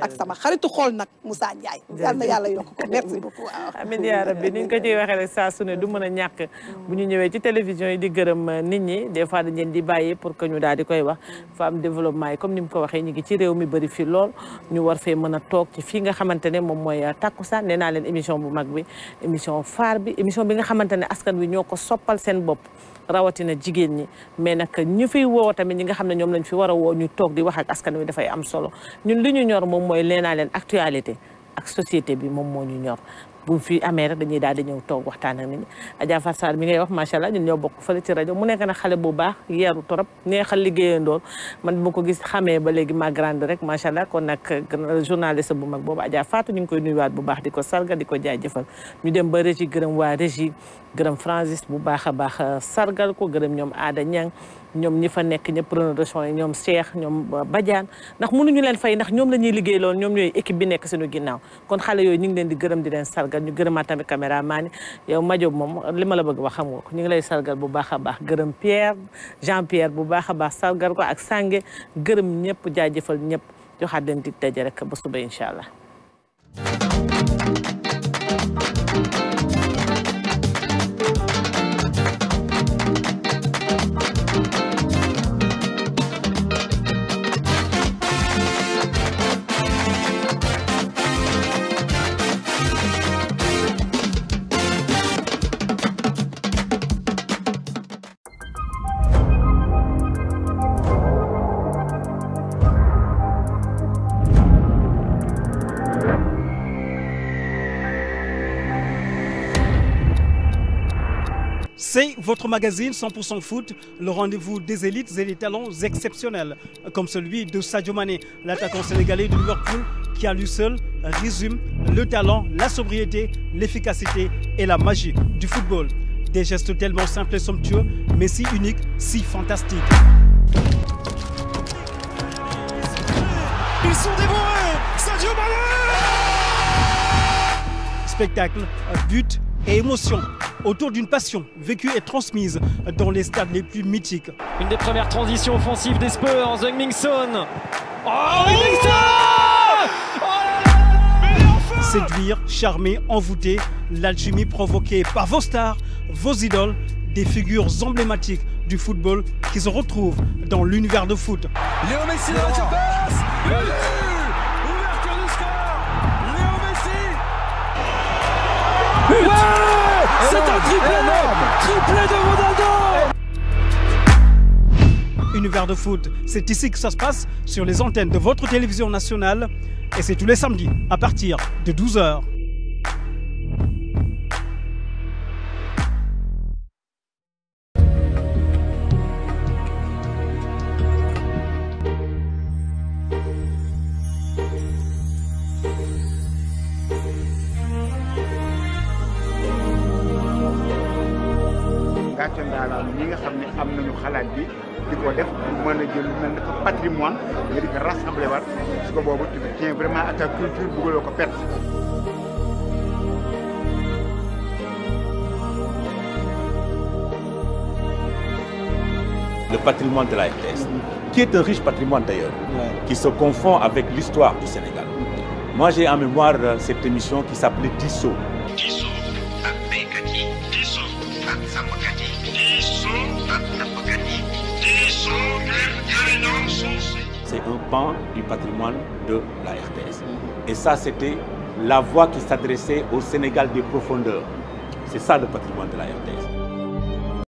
ak sama xaritu xool nag Moussa Ndiaye yal na yàlla yokk ko merci beaucoup amiin yaa rabbi ni ñu ko ne du mën a ñàkk bu ñu ñëwee ci télévision yi di gërëm uh, nit ñi des fois dañ leen di bàyyi pour que ñu daal di koy wax femme développement yi comme ni mu ko waxee ñu ngi ci réew mi bëri fi lool ñu war fee mën a toog ci fii nga xamante ne moom mooy uh, takkusaan nee naa leen émission bu mag bi émission nga xamante ne askan wi ñoo ko soppal seen bopp rawatina jigéen ñi mais nag ñu fiy woo tamit ñi nga xam ne ñoom lañu fi war a woo ñu toog di wax ak askan wi dafay am solo ñun li ñu ñor moom mooy leenaa leen actualité ak société bi moom moo ñu ñor bu fi amee rek dañuy daal di ñëw toog waxtaan ak nit ñi Adja Fatou mi ngay wax macha allah ñun ñoo bokk fële ci rajo mu nekk na xale bu baax yeeru torop neexal liggéeyandoor man bu ko gis xamee ba léegi ma grande rek macha allah kon nag euh, journaliste bu mag boobu ajaa Fatou ñu ngi koy nuyuwaat bu baax di ko sarga di ko jaa jaajëfal ñu dem ba régie gërëm waa régie gërëm Francis bu baax a baax euh, sargal ko gërëm ñoom Aada Ñang ñoom ñi fa nekk ñëpp preneur yi ñoom Cheikh ñoom euh, Badiane ndax mu mënuñu leen fay ndax ñoom la ñuy liggéey loolu ñoom ñooy équipe bi nekk suñu ginnaaw kon xale yooyu ñu ngi leen di gërëm di leen sargal ñu gërëmaa tamit caméraman yi yow Majob moom li ma la bëgg wax xam nga ko ngi lay sargal bu baax a baax gërëm Pierre Jean Pierre bu baax a baax sargal ko ak Sange gërëm ñëpp jaajëfal ñëpp joxaat leen dig daje rek ba suba incha allah votre magazine 100% Foot, le rendez-vous des élites et des talents exceptionnels, comme celui de Sadio Mané, l'attaquant sénégalais de Liverpool, qui à lui seul résume le talent, la sobriété, l'efficacité et la magie du football. Des gestes tellement simples et somptueux, mais si uniques, si fantastiques. Ils sont dévorés Sadio Mané Spectacle, but, et émotion autour d'une passion vécue et transmise dans les stades les plus mythiques. Une des premières transitions offensives des Spurs, Zeng Mingson. Oh, oh Séduire, charmer, envoûter, l'alchimie provoquée par vos stars, vos idoles, des figures emblématiques du football qui se retrouvent dans l'univers de foot. C'est un triplé énorme Triplé de Ronaldo Univers de foot, c'est ici que ça se passe, sur les antennes de votre télévision nationale, et c'est tous les samedis, à partir de 12h. de la RTS, qui est un riche patrimoine d'ailleurs, qui se confond avec l'histoire du Sénégal. Moi, j'ai en mémoire euh, cette émission qui s'appelait Tissot. C'est un pan du patrimoine de la RTS. Mm-hmm. Et ça, c'était la voix qui s'adressait au Sénégal des profondeurs. C'est ça le patrimoine de la RTS.